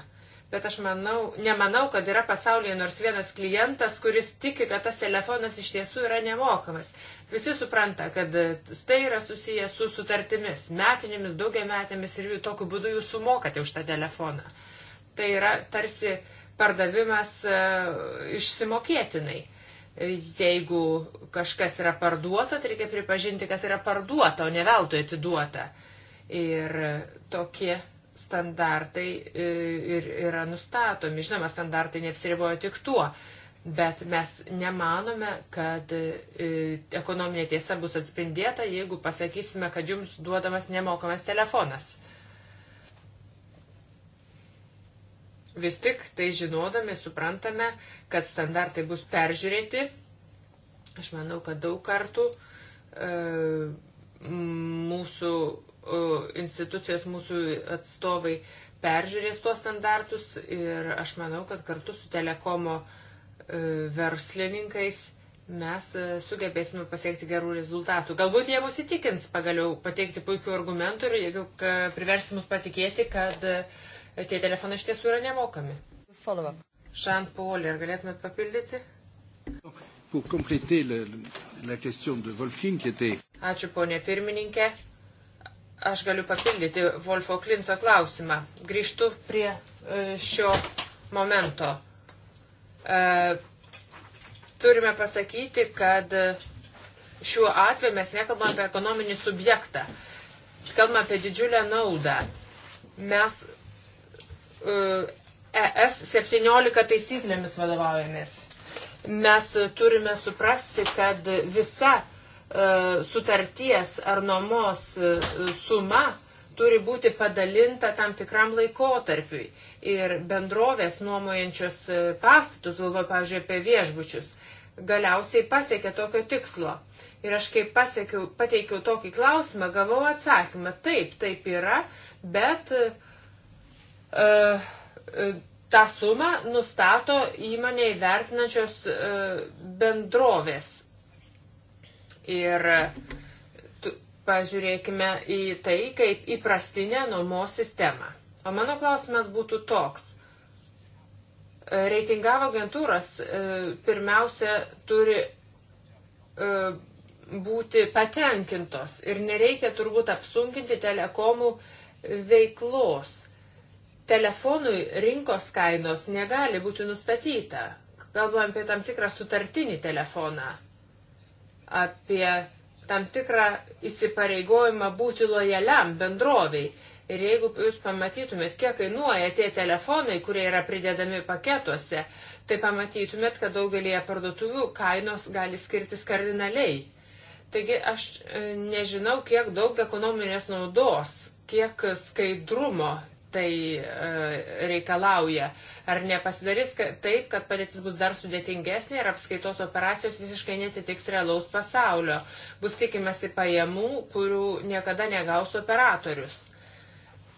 Bet aš manau, nemanau, kad yra pasaulyje nors vienas klientas, kuris tiki, kad tas telefonas iš tiesų yra nemokamas. Visi supranta, kad e, tai yra susiję su sutartimis, metinėmis, daugiametėmis ir tokiu būdu jūs sumokate už tą telefoną. Tai yra tarsi pardavimas e, išsimokėtinai jeigu kažkas yra parduota, tai reikia pripažinti, kad yra parduota, o ne veltui atiduota. Ir tokie standartai e, ir yra nustatomi. Žinoma, standartai neapsiribojo tik tuo, bet mes nemanome, kad e, ekonominė tiesa bus atspindėta, jeigu pasakysime, kad jums duodamas nemokamas telefonas. Vis tik tai žinodami, suprantame, kad standartai bus peržiūrėti. Aš manau, kad daug kartų e, mūsų e, institucijos, mūsų atstovai peržiūrės tuos standartus ir aš manau, kad kartu su telekomo e, verslininkais mes e, sugebėsime pasiekti gerų rezultatų. Galbūt jie mus įtikins pagaliau pateikti puikių argumentų ir jeigu priversi mus patikėti, kad uh, tie telefonai iš tiesų yra nemokami. Follow-up. Šant Polį, ar galėtumėt papildyti? Ačiū, ponė pirmininkė. Aš galiu papildyti Wolfo Klinso klausimą. Grįžtu prie e, šio momento. E, turime pasakyti, kad e, šiuo atveju mes nekalbame apie ekonominį subjektą. Kalbame apie didžiulę naudą. Mes ES e 17 taisyklėmis vadovaujamės. Mes turime suprasti, kad visa e, sutarties ar nuomos e, suma turi būti padalinta tam tikram laikotarpiui. Ir bendrovės nuomojančios pastatus, galvoju, pavyzdžiui, apie viešbučius, galiausiai pasiekė tokio tikslo. Ir aš kaip pasiekiau, pateikiau tokį klausimą, gavau atsakymą, taip, taip yra, bet uh, E, e, tą sumą nustato įmonė įvertinančios e, bendrovės. Ir pažiūrėkime į tai kaip įprastinę nuomos sistemą. O mano klausimas būtų toks. Reitingavo agentūros pirmiausia turi būti patenkintos ir nereikia turbūt apsunkinti telekomų veiklos telefonui rinkos kainos negali būti nustatyta. Kalbam apie tam tikrą sutartinį telefoną, apie tam tikrą įsipareigojimą būti lojaliam bendroviai. Ir jeigu jūs pamatytumėt, kiek kainuoja tie telefonai, kurie yra pridedami paketuose, tai pamatytumėt, kad daugelįje parduotuvių kainos gali skirtis kardinaliai. Taigi aš e, nežinau, kiek daug ekonominės naudos, kiek skaidrumo tai e, reikalauja. Ar nepasidarys taip, kad padėtis bus dar sudėtingesnė ir apskaitos operacijos visiškai netitiks realaus pasaulio. Bus tikimasi pajamų, kurių niekada negaus operatorius.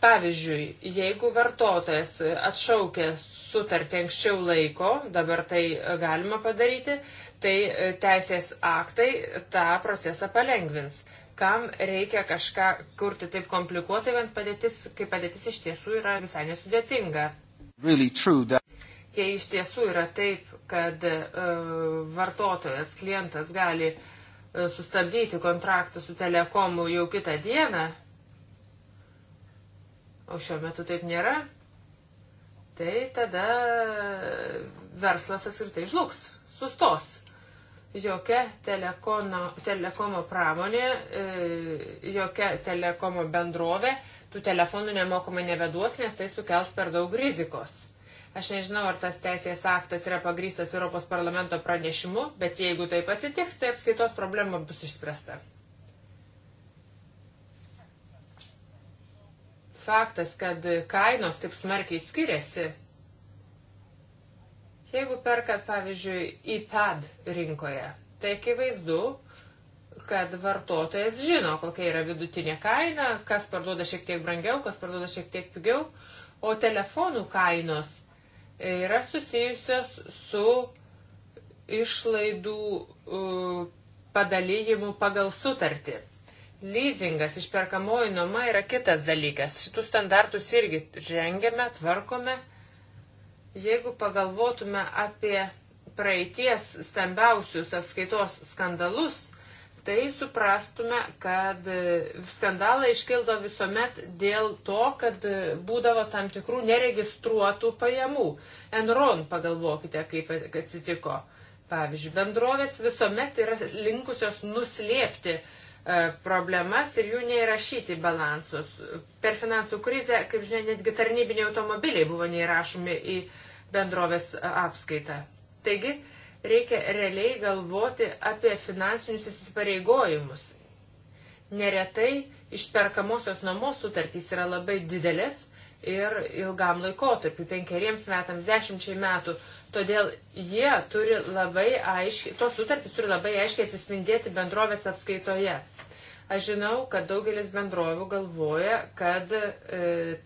Pavyzdžiui, jeigu vartotojas atšaukia sutartį anksčiau laiko, dabar tai galima padaryti, tai e, teisės aktai tą procesą palengvins kam reikia kažką kurti taip komplikuotai, bent padėtis, kai padėtis iš tiesų yra visai nesudėtinga. Really that... Jei iš tiesų yra taip, kad uh, vartotojas, klientas gali uh, sustabdyti kontraktą su telekomu jau kitą dieną, o šiuo metu taip nėra, tai tada e, verslas apskritai žlugs, sustos jokia telekono, telekomo pramonė, e, jokia telekomo bendrovė tų telefonų nemokamai nebeduos, nes tai sukels per daug rizikos. Aš nežinau, ar tas teisės aktas yra pagrystas Europos parlamento pranešimu, bet jeigu tai pasitiks, tai apskaitos problema bus išspręsta. Faktas, kad kainos taip smarkiai skiriasi Jeigu perkat, pavyzdžiui, iPad rinkoje, tai akivaizdu, kad vartotojas žino, kokia yra vidutinė kaina, kas parduoda šiek tiek brangiau, kas parduoda šiek tiek pigiau, o telefonų kainos yra susijusios su išlaidų uh, padalyjimu pagal sutartį. Leasingas, išperkamoji nuoma yra kitas dalykas. Šitus standartus irgi rengiame, tvarkome. Uh, Jeigu pagalvotume apie praeities stambiausius apskaitos skandalus, tai suprastume, kad e, skandalai iškildo visuomet dėl to, kad e, būdavo tam tikrų neregistruotų pajamų. Enron, pagalvokite, kaip atsitiko. Pavyzdžiui, bendrovės visuomet yra linkusios nuslėpti e, problemas ir jų neįrašyti balansus. Per finansų krizę, kaip žinia, netgi tarnybiniai automobiliai buvo neįrašomi į bendrovės apskaitą. Taigi, reikia realiai galvoti apie finansinius įsipareigojimus. Neretai išperkamosios nuomos sutartys yra labai didelės ir ilgam laikotarpiu, penkeriems metams, dešimčiai metų. Todėl jie turi labai aiškiai, tos sutartys turi labai aiškiai atsispindėti bendrovės apskaitoje. Aš žinau, kad daugelis bendrovių galvoja, kad e,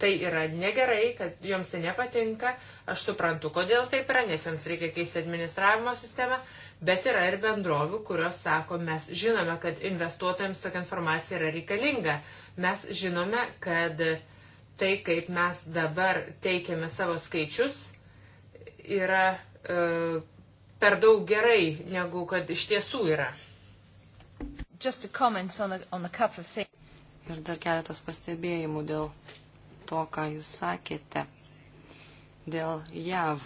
tai yra negerai, kad joms tai nepatinka. Aš suprantu, kodėl taip yra, nes joms reikia keisti administravimo sistemą. Bet yra ir bendrovių, kurios sako, mes žinome, kad investuotojams tokia informacija yra reikalinga. Mes žinome, kad tai, kaip mes dabar teikiame savo skaičius, yra e, per daug gerai, negu
kad iš tiesų yra. Just a comment on a, on a couple of things. Ir dar keletas pastebėjimų dėl to, ką jūs sakėte, dėl JAV.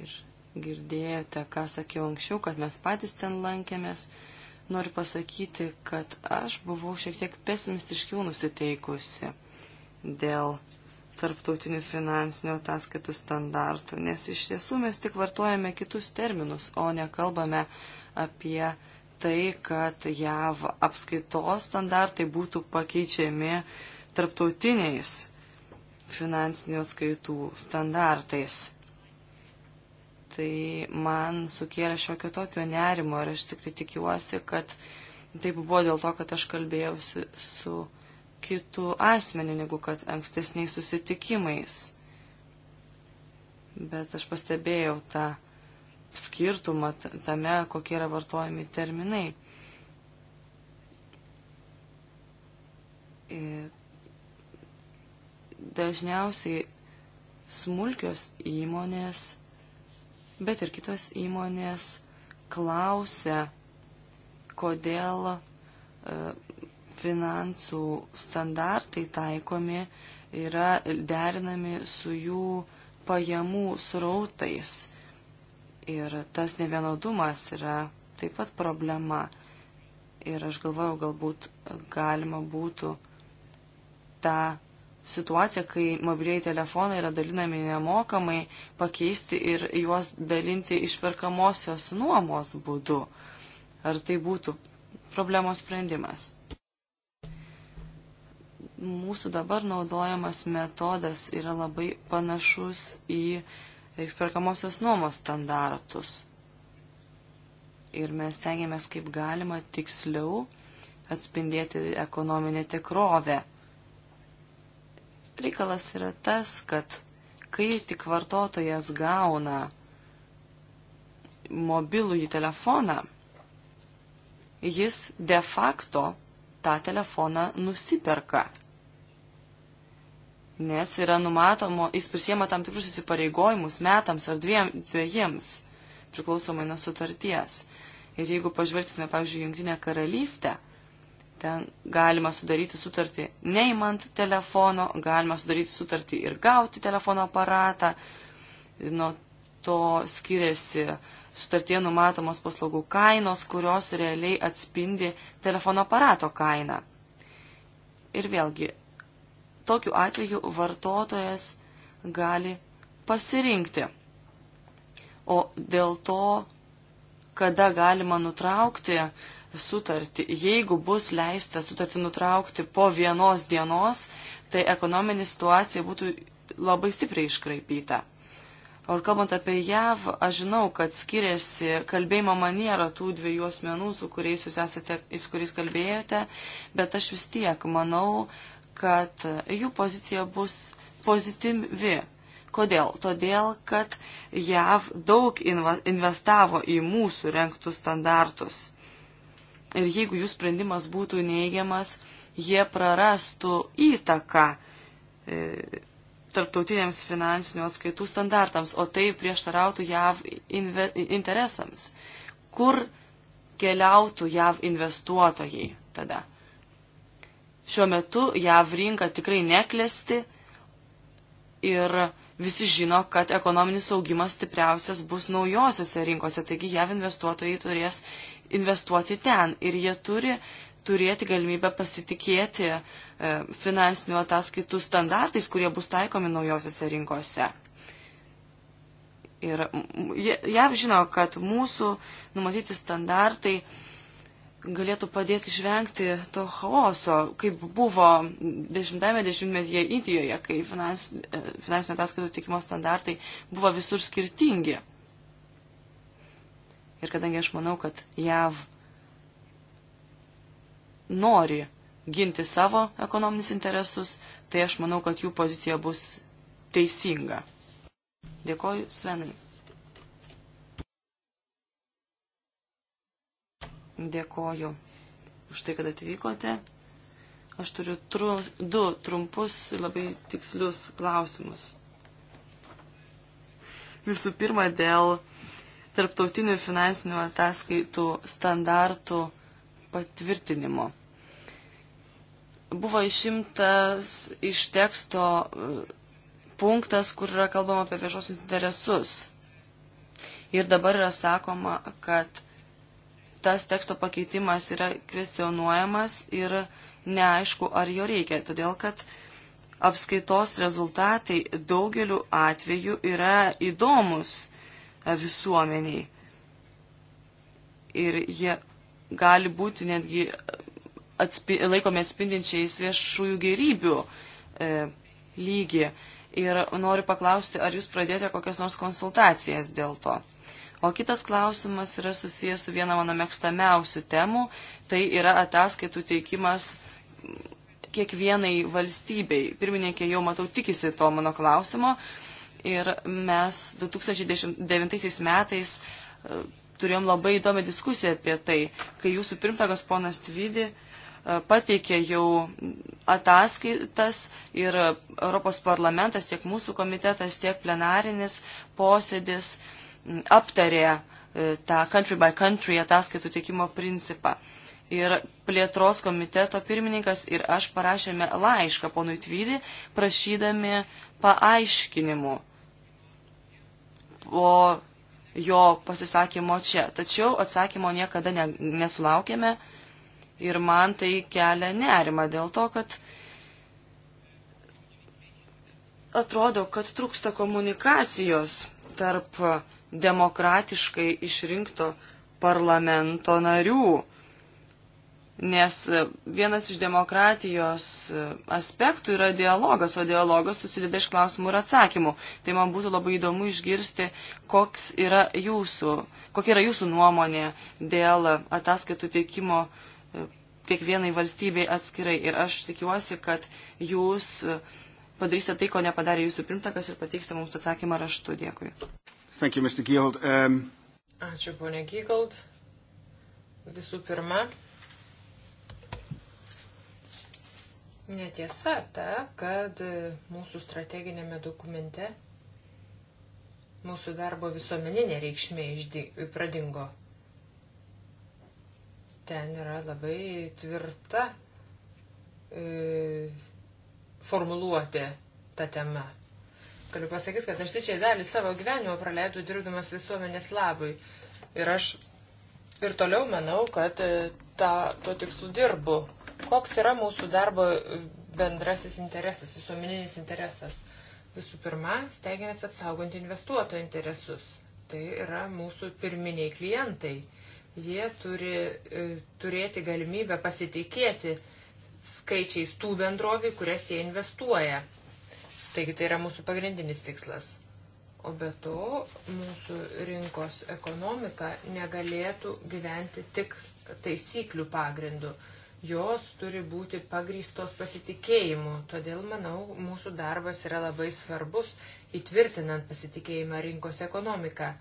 Ir girdėjote, ką sakiau anksčiau, kad mes patys ten lankėmės. Noriu pasakyti, kad aš buvau šiek tiek pesimistiškiau nusiteikusi dėl tarptautinių finansinių ataskaitų standartų, nes iš tiesų mes tik vartojame kitus terminus, o nekalbame apie tai, kad JAV apskaitos standartai būtų pakeičiami tarptautiniais finansinių skaitų standartais. Tai man sukėlė šiokio tokio nerimo ir aš tik tai tikiuosi, kad taip buvo dėl to, kad aš kalbėjausi su kitų asmenių negu kad ankstesniais susitikimais. Bet aš pastebėjau tą skirtumą tame, kokie yra vartojami terminai. Ir dažniausiai smulkios įmonės, bet ir kitos įmonės klausia, kodėl e, finansų standartai taikomi yra derinami su jų pajamų srautais Ir tas nevienodumas yra taip pat problema. Ir aš galvojau, galbūt galima būtų tą situaciją, kai mobiliai telefonai yra dalinami nemokamai, pakeisti ir juos dalinti išperkamosios nuomos būdu. Ar tai būtų problemos sprendimas? Mūsų dabar naudojamas metodas yra labai panašus į uh, išperkamosios nuomos standartus. Ir mes tengiamės kaip galima tiksliau atspindėti ekonominę tikrovę. Reikalas yra tas, kad kai tik vartotojas gauna mobilų į telefoną, jis de facto tą telefoną nusiperka nes yra numatomo, jis prisiema tam tikrus įsipareigojimus metams ar dviem, dviejiems, priklausomai nuo sutarties. Ir jeigu pažvelgsime, pavyzdžiui, Junktinę karalystę, ten galima sudaryti sutartį neimant telefono, galima sudaryti sutartį ir gauti telefono aparatą. Nuo to skiriasi sutartie numatomos paslaugų kainos, kurios realiai atspindi telefono aparato kainą. Ir vėlgi, Tokiu atveju vartotojas gali pasirinkti. O dėl to, kada galima nutraukti sutartį, jeigu bus leista sutartį nutraukti po vienos dienos, tai ekonominė situacija būtų labai stipriai iškraipyta. O kalbant apie JAV, aš žinau, kad skiriasi kalbėjimo maniera tų dviejų asmenų, su kuriais jūs esate, su kuriais kalbėjote, bet aš vis tiek manau, kad jų pozicija bus pozityvi. Kodėl? Todėl, kad JAV daug investavo į mūsų renktus standartus. Ir jeigu jų sprendimas būtų neigiamas, jie prarastų įtaką e, tarptautiniams finansinių atskaitų standartams, o tai prieštarautų JAV inve, interesams. Kur keliautų JAV investuotojai tada? Šiuo metu JAV rinka tikrai neklesti ir visi žino, kad ekonominis augimas stipriausias bus naujosiose rinkose, taigi JAV investuotojai turės investuoti ten ir jie turi turėti galimybę pasitikėti e, finansinių ataskaitų standartais, kurie bus taikomi naujosiose rinkose. Ir jav žino, kad mūsų numatyti standartai galėtų padėti išvengti to chaoso, kaip buvo 10-ame dešimtmetyje Indijoje, kai finans, e, finansinio ataskaitų tikimo standartai buvo visur skirtingi. Ir kadangi aš manau, kad JAV nori ginti savo ekonominius interesus, tai aš manau, kad jų pozicija bus teisinga. Dėkoju Svenai. Dėkoju už tai, kad atvykote. Aš turiu tru, du trumpus, labai tikslius klausimus. Visų pirma, dėl tarptautinių finansinių ataskaitų standartų patvirtinimo. Buvo išimtas iš teksto e, punktas, kur yra kalbama apie viešosius interesus. Ir dabar yra sakoma, kad tas teksto pakeitimas yra kvestionuojamas ir neaišku, ar jo reikia, todėl kad apskaitos rezultatai daugeliu atveju yra įdomus e, visuomeniai. Ir jie gali būti netgi e, atspi, laikomi atspindinčiais viešųjų gerybių e, lygį. Ir noriu paklausti, ar jūs pradėjote kokias nors konsultacijas dėl to? O kitas klausimas yra susijęs su viena mano mėgstamiausių temų, tai yra ataskaitų teikimas kiekvienai valstybei. Pirmininkė jau, matau, tikisi to mano klausimo. Ir mes 2009 metais e, turėjom labai įdomią diskusiją apie tai, kai jūsų pirmtakas ponas Tvidi e, pateikė jau ataskaitas ir Europos parlamentas, tiek mūsų komitetas, tiek plenarinis posėdis aptarė e, tą country by country ataskaitų teikimo principą. Ir plėtros komiteto pirmininkas ir aš parašėme laišką ponui Tvydį, prašydami paaiškinimų po jo pasisakymo čia. Tačiau atsakymo niekada ne, nesulaukėme ir man tai kelia nerima dėl to, kad atrodo, kad trūksta komunikacijos tarp demokratiškai išrinkto parlamento narių. Nes vienas iš demokratijos aspektų yra dialogas, o dialogas susideda iš klausimų ir atsakymų. Tai man būtų labai įdomu išgirsti, koks yra jūsų, kokia yra jūsų nuomonė dėl ataskaitų teikimo e, kiekvienai valstybei atskirai. Ir aš tikiuosi, kad jūs padarysite tai, ko nepadarė jūsų pirmtakas ir pateiksite mums atsakymą raštu. Dėkui. Thank you, Mr. Giegold. Um... Ačiū,
ponė Giegold. Visų pirma, netiesa ta, kad mūsų strateginėme dokumente mūsų darbo visuomeninė reikšmė išdy, pradingo. Ten yra labai tvirta e, formuluotė ta tema. Galiu pasakyti, kad aš didžiai dalį savo gyvenimo praleidau dirbdamas visuomenės labui. Ir aš ir toliau manau, kad e, ta, tuo tikslu dirbu. Koks yra mūsų darbo e, bendrasis interesas, visuomeninis interesas? Visų pirma, stengiamės apsaugoti investuotojų interesus. Tai yra mūsų pirminiai klientai. Jie turi e, turėti galimybę pasitikėti skaičiais tų bendrovių, kurias jie investuoja. Taigi tai yra mūsų pagrindinis tikslas. O be to, mūsų rinkos ekonomika negalėtų gyventi tik taisyklių pagrindu. Jos turi būti pagrystos pasitikėjimu. Todėl, manau, mūsų darbas yra labai svarbus įtvirtinant pasitikėjimą rinkos ekonomiką.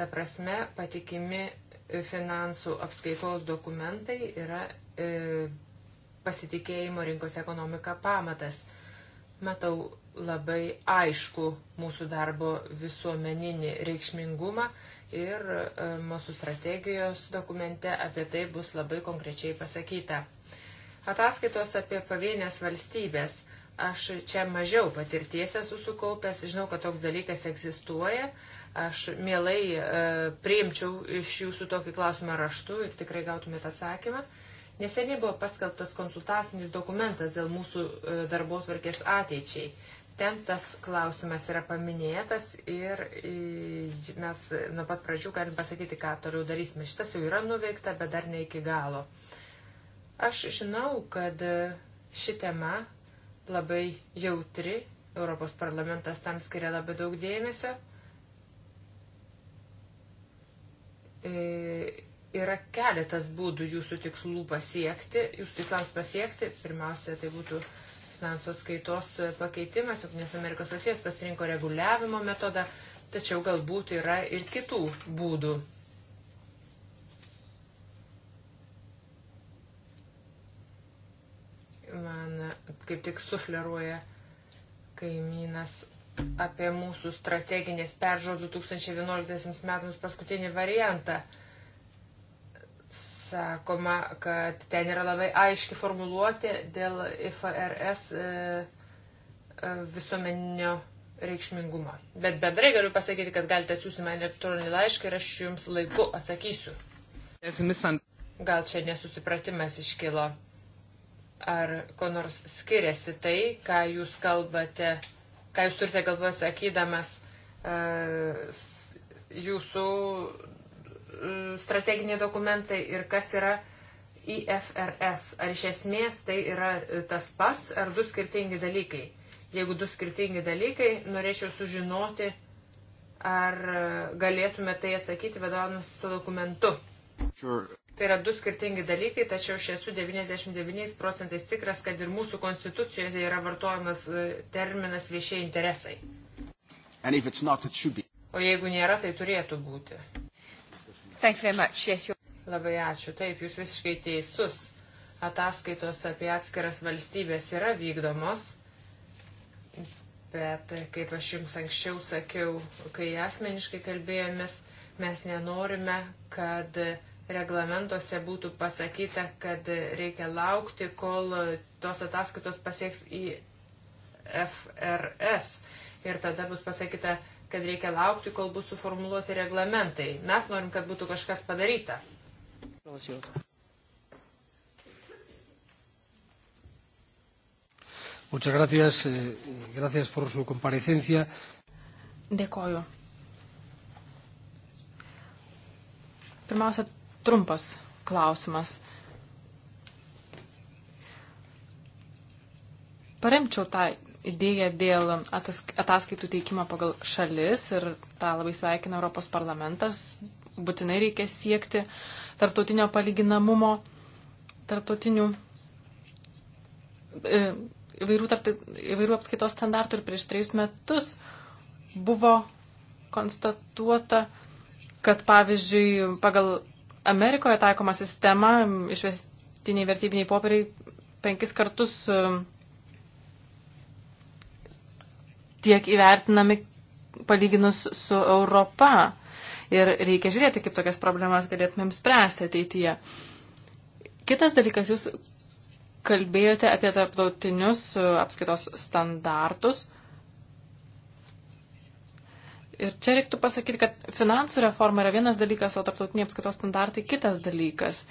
Ta prasme, patikimi finansų apskaitos dokumentai yra e, pasitikėjimo rinkos ekonomika pamatas matau labai aišku mūsų darbo visuomeninį reikšmingumą ir e, mūsų strategijos dokumente apie tai bus labai konkrečiai pasakyta. Ataskaitos apie pavienės valstybės. Aš čia mažiau patirties esu sukaupęs, žinau, kad toks dalykas egzistuoja. Aš mielai e, priimčiau iš jūsų tokį klausimą raštu ir tikrai gautumėt atsakymą. E, Neseniai buvo paskelbtas konsultacinis dokumentas dėl mūsų e, darbos varkės ateičiai. Ten tas klausimas yra paminėtas ir e, mes nuo pat pradžių galim pasakyti, ką toliau darysime. Šitas jau yra nuveikta, bet dar ne iki galo. Aš žinau, kad e, ši tema labai jautri, Europos parlamentas tam skiria labai daug dėmesio yra keletas būdų jūsų tikslų pasiekti, jūsų tikslams pasiekti. Pirmiausia, tai būtų finansų skaitos pakeitimas, Junktinės Amerikos valstijos pasirinko reguliavimo metodą, tačiau galbūt yra ir kitų būdų. Man kaip tik sufleruoja kaimynas apie mūsų strateginės peržos 2011 metams paskutinį variantą. Sakoma, kad ten yra labai aiški formuluotė dėl IFRS e, e, visuomeninio reikšmingumo. Bet bendrai galiu pasakyti, kad galite siūsti man elektroninį laišką ir aš jums laiku atsakysiu. Gal čia nesusipratimas iškilo. Ar ko nors skiriasi tai, ką jūs kalbate, ką jūs turite galvoje sakydamas uh, jūsų strateginiai dokumentai ir kas yra IFRS. Ar iš esmės tai yra e, tas pats, ar du skirtingi dalykai? Jeigu du skirtingi dalykai, norėčiau sužinoti, ar e, galėtume tai atsakyti vadovaudamas tuo dokumentu. Sure. Tai yra du skirtingi dalykai, tačiau aš esu 99 procentais tikras, kad ir mūsų konstitucijoje yra vartojamas e, terminas viešiai interesai. Not, o jeigu nėra, tai turėtų būti. Yes, Labai ačiū. Taip, jūs visiškai teisus. Ataskaitos apie atskiras valstybės yra vykdomos, bet kaip aš jums anksčiau sakiau, kai asmeniškai kalbėjomės, mes nenorime, kad reglamentuose būtų pasakyta, kad reikia laukti, kol tos ataskaitos pasieks į FRS. Ir tada bus pasakyta, kad reikia laukti, kol bus suformuluoti reglamentai. Mes norim, kad būtų kažkas padaryta. Muchas gracias. Eh, gracias por su comparecencia.
Dėkoju. Pirmiausia, trumpas klausimas. Paremčiau tą idėją dėl ataskaitų teikimo pagal šalis ir tą labai sveikina Europos parlamentas. Būtinai reikia siekti tarptautinio palyginamumo, tarptautinių e, įvairių, tarp, įvairių apskaitos standartų ir prieš trejus metus buvo konstatuota, kad pavyzdžiui pagal Amerikoje taikomą sistemą išvestiniai vertybiniai popieriai penkis kartus e, tiek įvertinami palyginus su Europa. Ir reikia žiūrėti, kaip tokias problemas galėtumėm spręsti ateityje. Kitas dalykas, jūs kalbėjote apie tarptautinius e, apskaitos standartus. Ir čia reiktų pasakyti, kad finansų reforma yra vienas dalykas, o tarptautiniai apskaitos standartai kitas dalykas.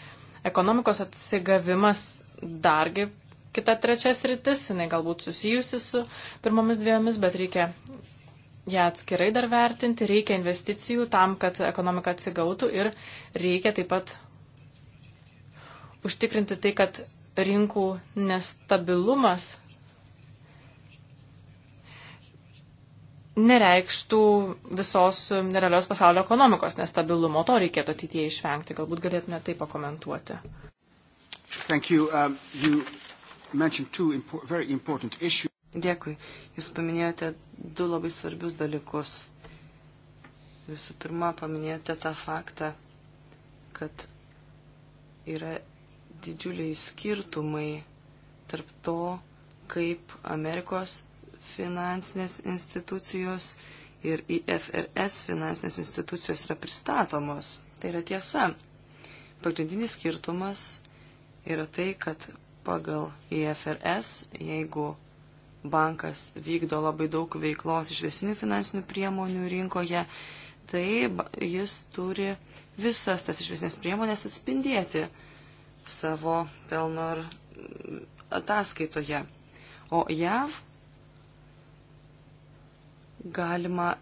Ekonomikos atsigavimas dargi kita trečias rytis, jinai galbūt susijusi su pirmomis dviejomis, bet reikia ją atskirai dar vertinti, reikia investicijų tam, kad ekonomika atsigautų ir reikia taip pat užtikrinti tai, kad rinkų nestabilumas nereikštų visos nerealios pasaulio ekonomikos nestabilumo. To reikėtų ateityje išvengti. Galbūt galėtume tai pakomentuoti.
Thank you. Um, you mentioned two impor very important issues. Dėkui. Jūs paminėjote du labai svarbius dalykus. Visų pirma, paminėjote tą faktą, kad yra didžiuliai skirtumai tarp to, kaip Amerikos finansinės institucijos ir IFRS finansinės institucijos yra pristatomos. Tai yra tiesa. Pagrindinis skirtumas yra tai, kad pagal IFRS, jeigu bankas vykdo labai daug veiklos išvesinių finansinių priemonių rinkoje, tai jis turi visas tas išvesinės priemonės atspindėti savo pelno ataskaitoje. O JAV galima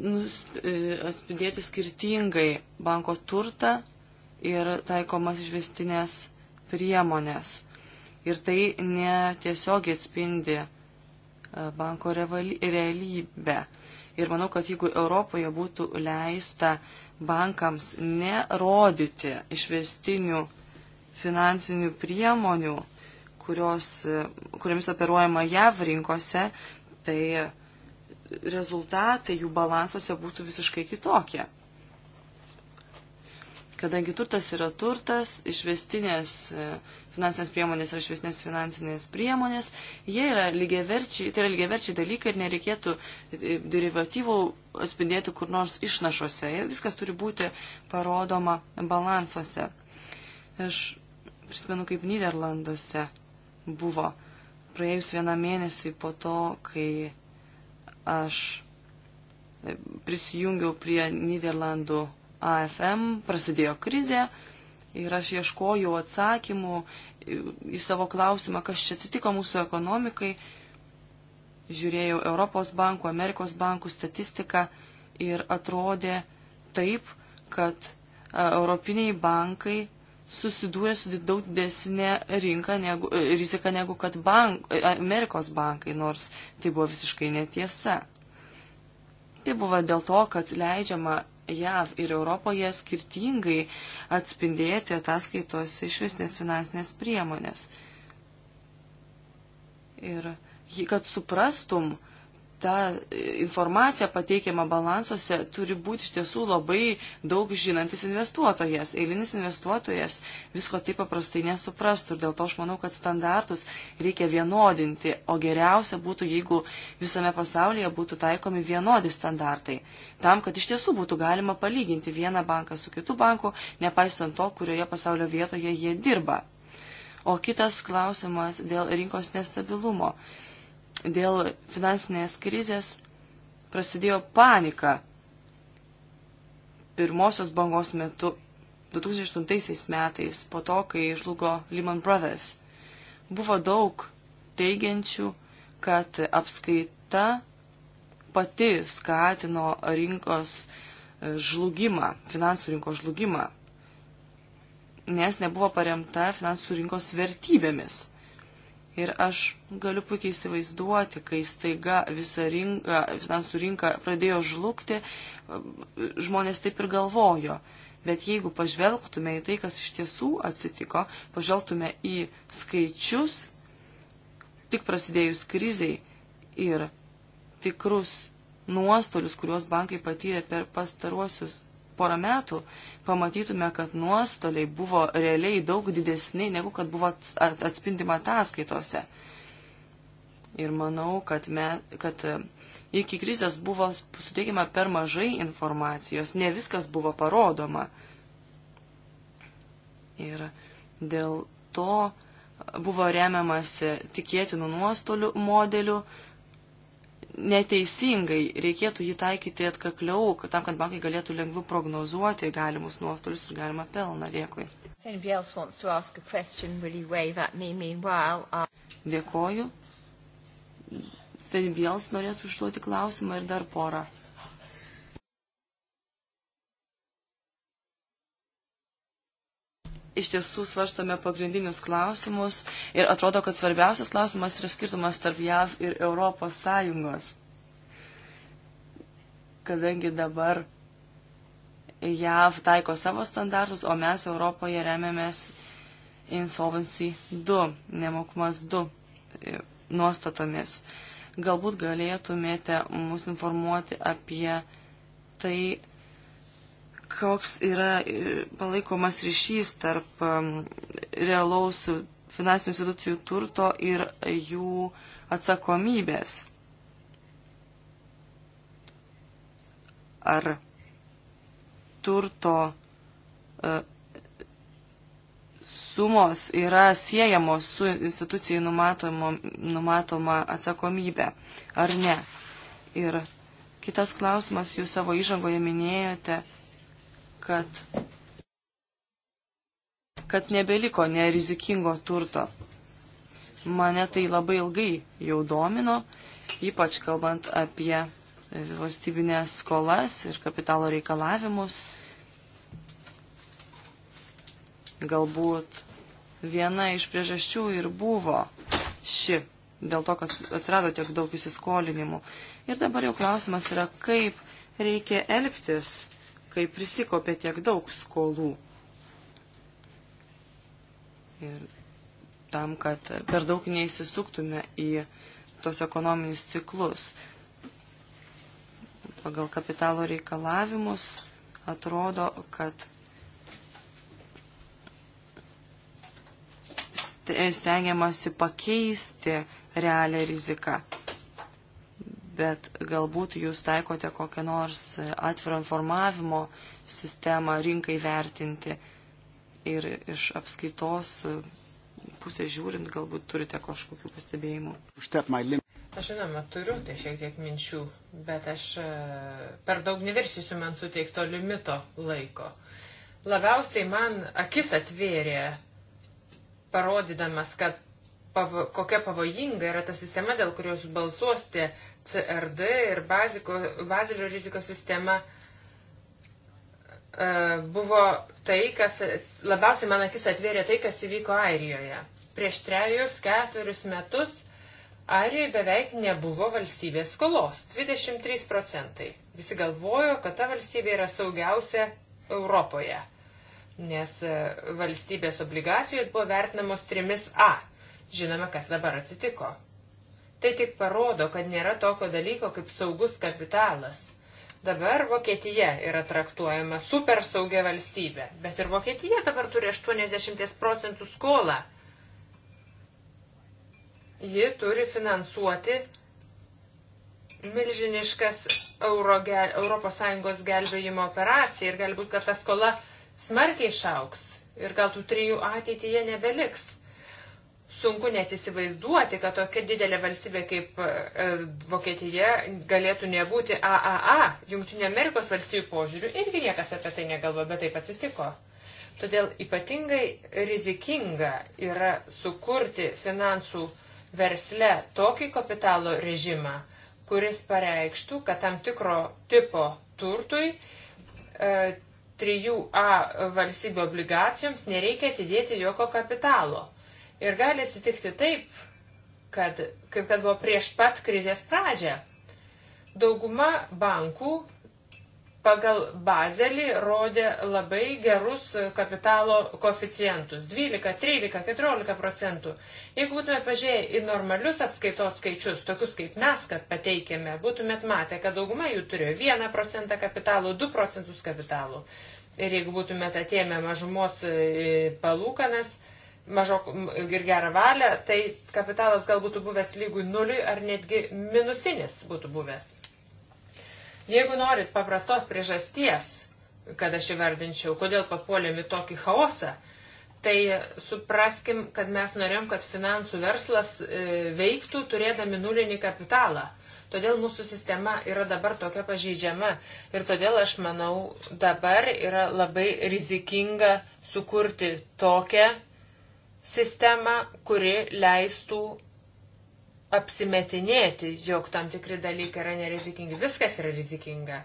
atspindėti skirtingai banko turtą ir taikomas išvestinės priemonės. Ir tai netiesiogiai atspindi e, banko realybę. Ir manau, kad jeigu Europoje būtų leista bankams nerodyti išvestinių finansinių priemonių, kurios, e, kuriamis operuojama JAV rinkose, tai rezultatai jų balansuose būtų visiškai kitokie. Kadangi turtas yra turtas, išvestinės e, finansinės priemonės yra išvestinės finansinės priemonės, jie yra lygiaverčiai, tai yra lygiaverčiai dalykai ir nereikėtų e, derivatyvų atspindėti kur nors išnašuose. Viskas turi būti parodoma balansuose. Aš prisimenu, kaip Niderlanduose buvo praėjus vieną mėnesį po to, kai aš e, prisijungiau prie Niderlandų AFM, prasidėjo krizė ir aš ieškojau atsakymų į savo klausimą, kas čia atsitiko mūsų ekonomikai. Žiūrėjau Europos bankų, Amerikos bankų statistiką ir atrodė taip, kad europiniai bankai susidūrė su daug didesnė rinka negu, e, rizika negu kad bank, e, Amerikos bankai, nors tai buvo visiškai netiesa. Tai buvo dėl to, kad leidžiama JAV ir Europoje skirtingai atspindėti ataskaitos išvisnės finansinės priemonės. Ir kad suprastum, ta informacija pateikiama balansuose turi būti iš tiesų labai daug žinantis investuotojas. Eilinis investuotojas visko taip paprastai nesuprastų ir dėl to aš manau, kad standartus reikia vienodinti, o geriausia būtų, jeigu visame pasaulyje būtų taikomi vienodi standartai, tam, kad iš tiesų būtų galima palyginti vieną banką su kitu banku, nepaisant to, kurioje pasaulio vietoje jie dirba. O kitas klausimas dėl rinkos nestabilumo dėl finansinės krizės prasidėjo panika pirmosios bangos metu 2008 metais, po to, kai žlugo Lehman Brothers. Buvo daug teigiančių, kad apskaita pati skatino rinkos e, žlugimą, finansų rinkos žlugimą, nes nebuvo paremta finansų rinkos vertybėmis. Ir aš galiu puikiai įsivaizduoti, kai staiga visa rinka, finansų rinka pradėjo žlugti, žmonės taip ir galvojo. Bet jeigu pažvelgtume į tai, kas iš tiesų atsitiko, pažvelgtume į skaičius, tik prasidėjus kriziai ir tikrus nuostolius, kuriuos bankai patyrė per pastaruosius porą metų, pamatytume, kad nuostoliai buvo realiai daug didesni, negu kad buvo atspindima ataskaitose. Ir manau, kad, me, kad e, iki krizės buvo suteikiama per mažai informacijos, ne viskas buvo parodoma. Ir dėl to buvo remiamasi tikėtinų nuostolių modeliu, neteisingai, reikėtų jį taikyti atkakliau, tam, kad bankai galėtų lengviau prognozuoti galimus nuostolius ir galimą pelną. Dėkui. Uh, Dėkoju. Fenbielas norės užduoti klausimą ir dar porą iš tiesų svarstame pagrindinius klausimus ir atrodo, kad svarbiausias klausimas yra skirtumas tarp JAV ir Europos Sąjungos. Kadangi dabar JAV taiko savo standartus, o mes Europoje remiamės Insolvency 2, nemokumas 2 e, nuostatomis. Galbūt galėtumėte mus informuoti apie tai, koks yra e, palaikomas ryšys tarp realaus finansinių institucijų turto ir jų atsakomybės. Ar turto e, sumos yra siejamos su institucijai numatoma atsakomybė, ar ne. Ir kitas klausimas, jūs savo įžangoje minėjote, kad, kad nebeliko nerizikingo turto. Mane tai labai ilgai jau domino, ypač kalbant apie valstybinės skolas ir kapitalo reikalavimus. Galbūt viena iš priežasčių ir buvo ši, dėl to, kad atsirado tiek daug įsiskolinimų. Ir dabar jau klausimas yra, kaip reikia elgtis kai prisikopė tiek daug skolų. Ir tam, kad per daug neįsisuktume į tos ekonominius ciklus. Pagal kapitalo reikalavimus atrodo, kad stengiamasi pakeisti realią riziką bet galbūt jūs taikote kokią nors atviro informavimo sistemą rinkai vertinti ir iš apskaitos pusės žiūrint galbūt turite kažkokių pastebėjimų.
Aš žinoma, turiu tai šiek tiek minčių, bet aš e, per daug neviršysiu man suteikto limito laiko. Labiausiai man akis atvėrė, parodydamas, kad pavo, kokia pavojinga yra ta sistema, dėl kurios balsuosite CRD ir baziko, bazilio rizikos sistema e, buvo tai, kas labiausiai man akis atvėrė tai, kas įvyko Airijoje. Prieš trejus, ketverius metus Airijoje beveik nebuvo valstybės skolos - 23 procentai. Visi galvojo, kad ta valstybė yra saugiausia Europoje, nes e, valstybės obligacijos buvo vertinamos trimis A. Žinome, kas dabar atsitiko. Tai tik parodo, kad nėra tokio dalyko kaip saugus kapitalas. Dabar Vokietija yra traktuojama super saugia valstybė, bet ir Vokietija dabar turi 80 procentų skolą. Ji turi finansuoti milžiniškas Euro, ES gelbėjimo operacija ir galbūt, kad ta skola smarkiai šauks ir gal tų trijų ateityje nebeliks sunku net įsivaizduoti, kad tokia didelė valstybė kaip e, e, Vokietija galėtų nebūti AAA, Junktinio Amerikos valstybių požiūrių, irgi niekas apie tai negalvo, bet taip atsitiko. Todėl ypatingai rizikinga yra sukurti finansų versle tokį kapitalo režimą, kuris pareikštų, kad tam tikro tipo turtui e, 3A valstybių obligacijoms nereikia atidėti jokio kapitalo Ir gali atsitikti taip, kad, kaip kad buvo prieš pat krizės pradžią, dauguma bankų pagal bazelį rodė labai gerus kapitalo koficijantus - 12, 13, 14 procentų. Jeigu būtumėt pažiūrėję į normalius apskaitos skaičius, tokius kaip mes, kad pateikėme, būtumėt matę, kad dauguma jų turėjo 1 procentą kapitalų, 2 procentus kapitalų. Ir jeigu būtumėt atėmę mažumos e, palūkanas, mažo ir gerą valią, tai kapitalas gal būtų buvęs lygui nuliui ar netgi minusinis būtų buvęs. Jeigu norit paprastos priežasties, kad aš įvardinčiau, kodėl papuolėm į tokį chaosą, tai supraskim, kad mes norėjom, kad finansų verslas e, veiktų turėdami nulinį kapitalą. Todėl mūsų sistema yra dabar tokia pažeidžiama ir todėl aš manau, dabar yra labai rizikinga sukurti tokią sistemą, kuri leistų apsimetinėti, jog tam tikri dalykai yra nerizikingi. Viskas yra rizikinga.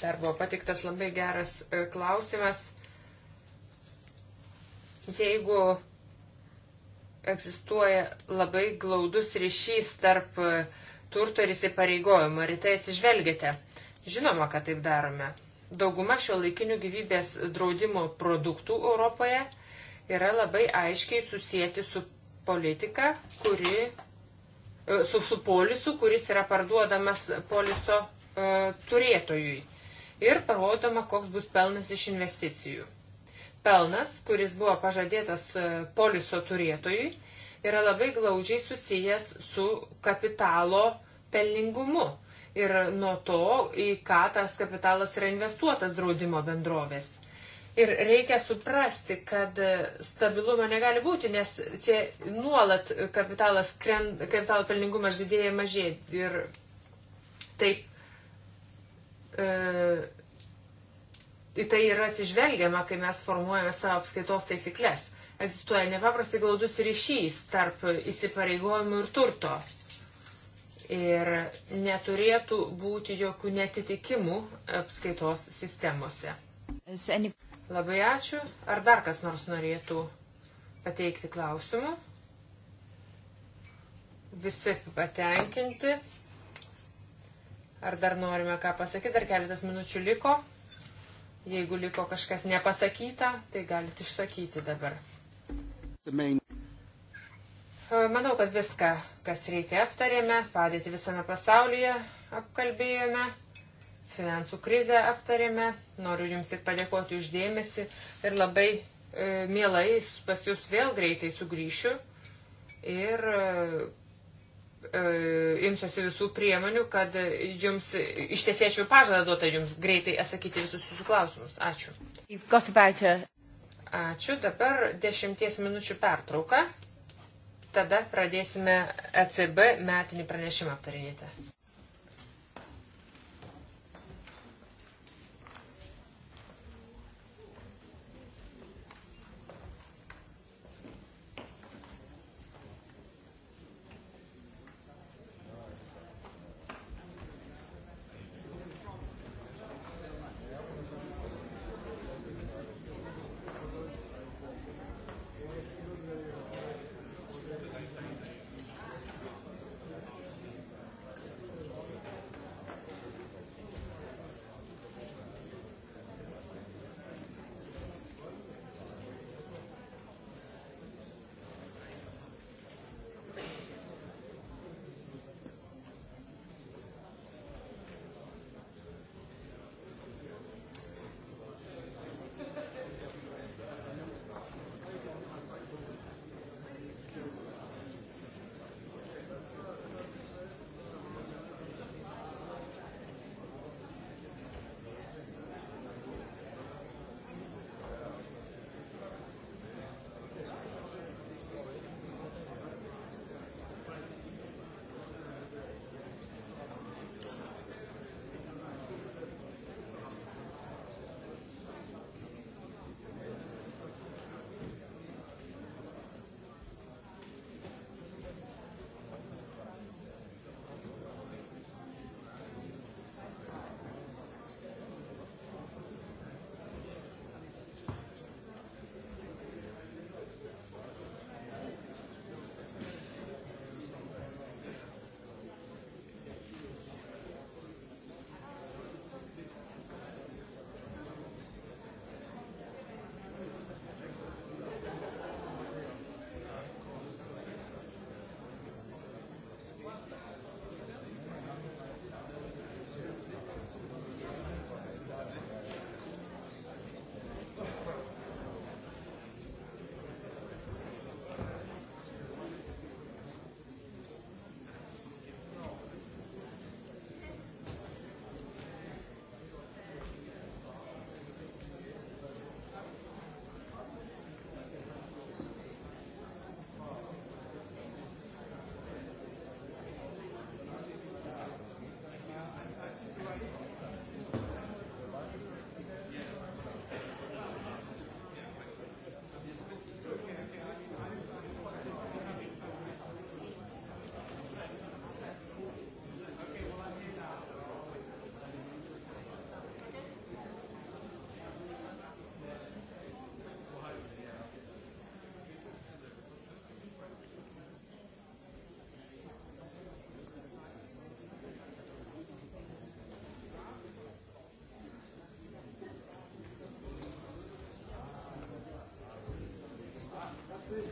Dar buvo patiktas labai geras e, klausimas. Jeigu egzistuoja labai glaudus ryšys tarp e, turto ir įsipareigojimo, ar į tai atsižvelgėte? Žinoma, kad taip darome. Dauguma šio laikinių gyvybės draudimo produktų Europoje yra labai aiškiai susijęti su politika, kuri, e, su, su polisu, kuris yra parduodamas poliso e, turėtojui ir parodoma, koks bus pelnas iš investicijų. Pelnas, kuris buvo pažadėtas e, poliso turėtojui, yra labai glaudžiai susijęs su kapitalo pelningumu ir nuo to, į ką tas kapitalas yra investuotas draudimo bendrovės. Ir reikia suprasti, kad stabilumo negali būti, nes čia nuolat kapitalas, krend, kapitalo pelningumas didėja mažėja. Ir taip e, į tai yra atsižvelgiama, kai mes formuojame savo apskaitos taisyklės. Egzistuoja nepaprastai glaudus ryšys tarp įsipareigojimų ir turtos ir neturėtų būti jokių netitikimų apskaitos sistemose. Labai ačiū. Ar dar kas nors norėtų pateikti klausimų? Visi patenkinti. Ar dar norime ką pasakyti? Dar keletas minučių liko. Jeigu liko kažkas nepasakyta, tai galite išsakyti dabar. E, manau, kad viską, kas reikia, aptarėme, padėti visame pasaulyje apkalbėjome, finansų krizę aptarėme. Noriu Jums tik padėkoti uždėmesi ir labai e, mielai pas Jūs vėl greitai sugrįšiu ir e, e imsiuosi visų priemonių, kad Jums ištiesėčiau pažadą duotą Jums greitai atsakyti visus Jūsų klausimus. Ačiū. Ačiū. Dabar dešimties minučių pertrauka tada pradėsime ECB metinį pranešimą aptarinėti.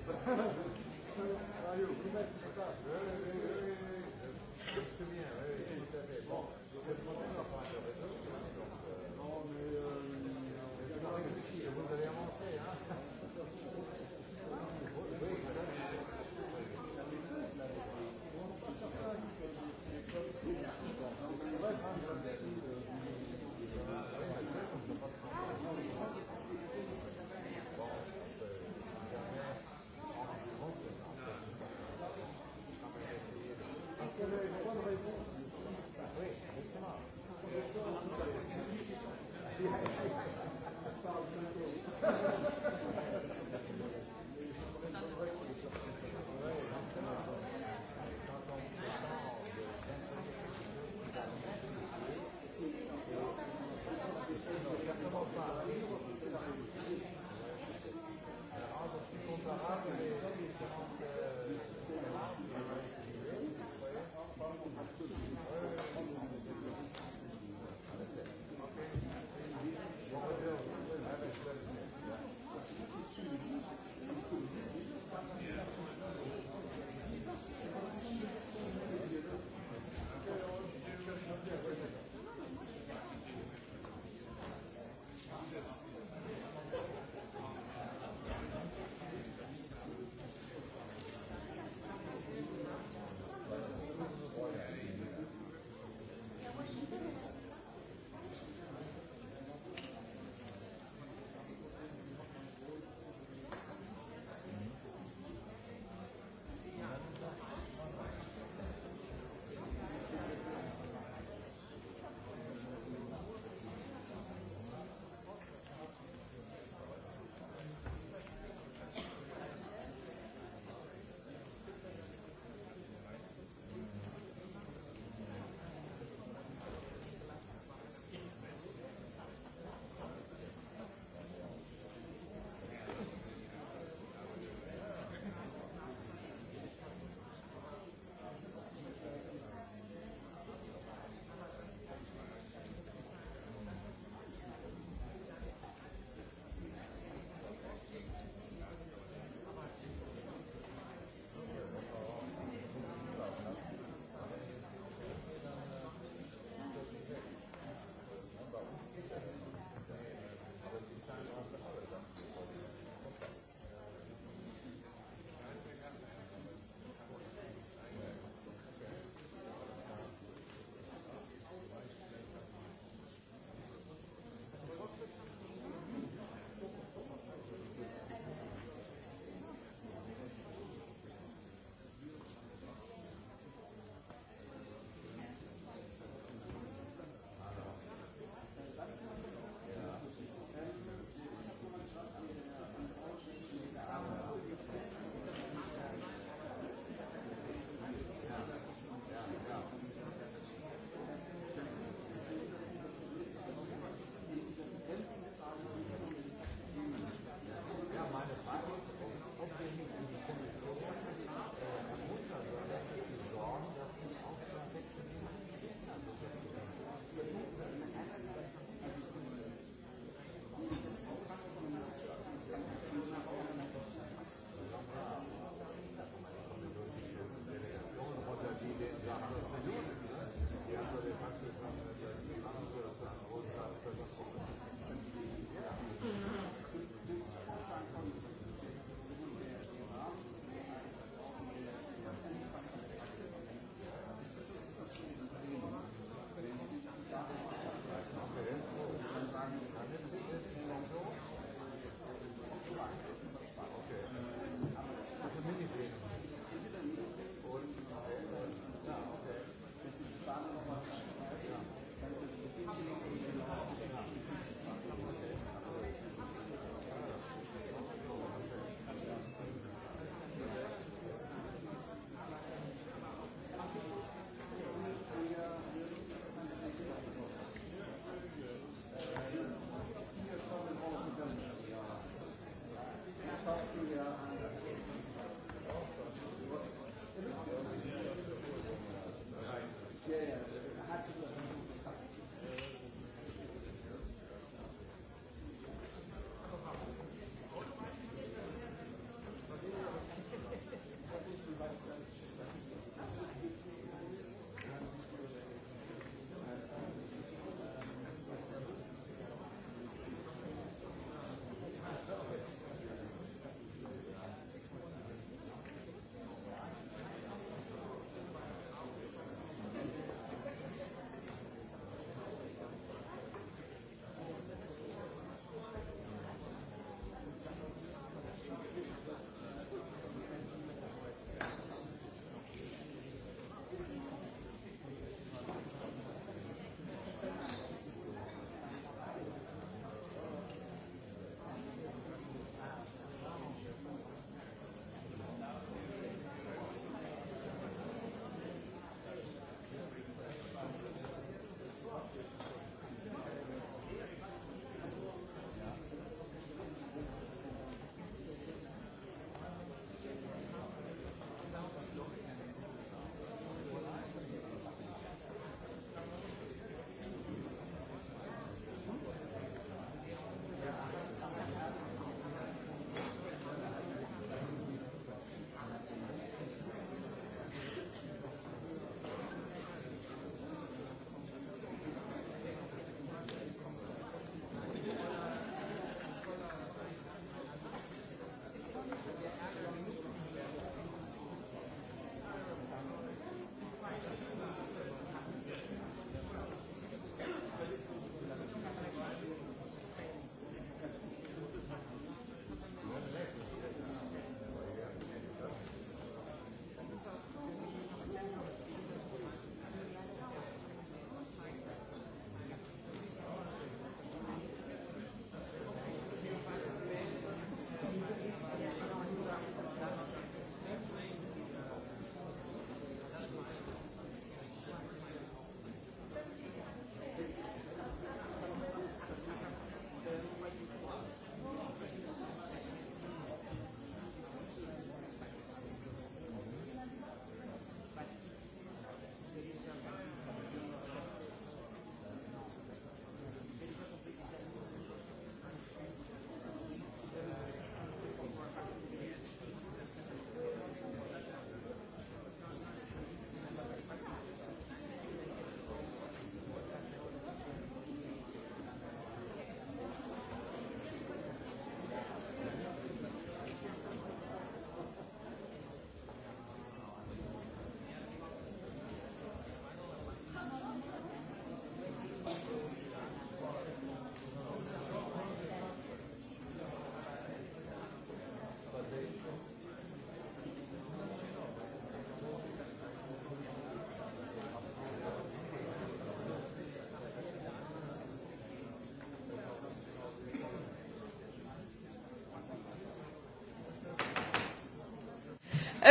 Thank you.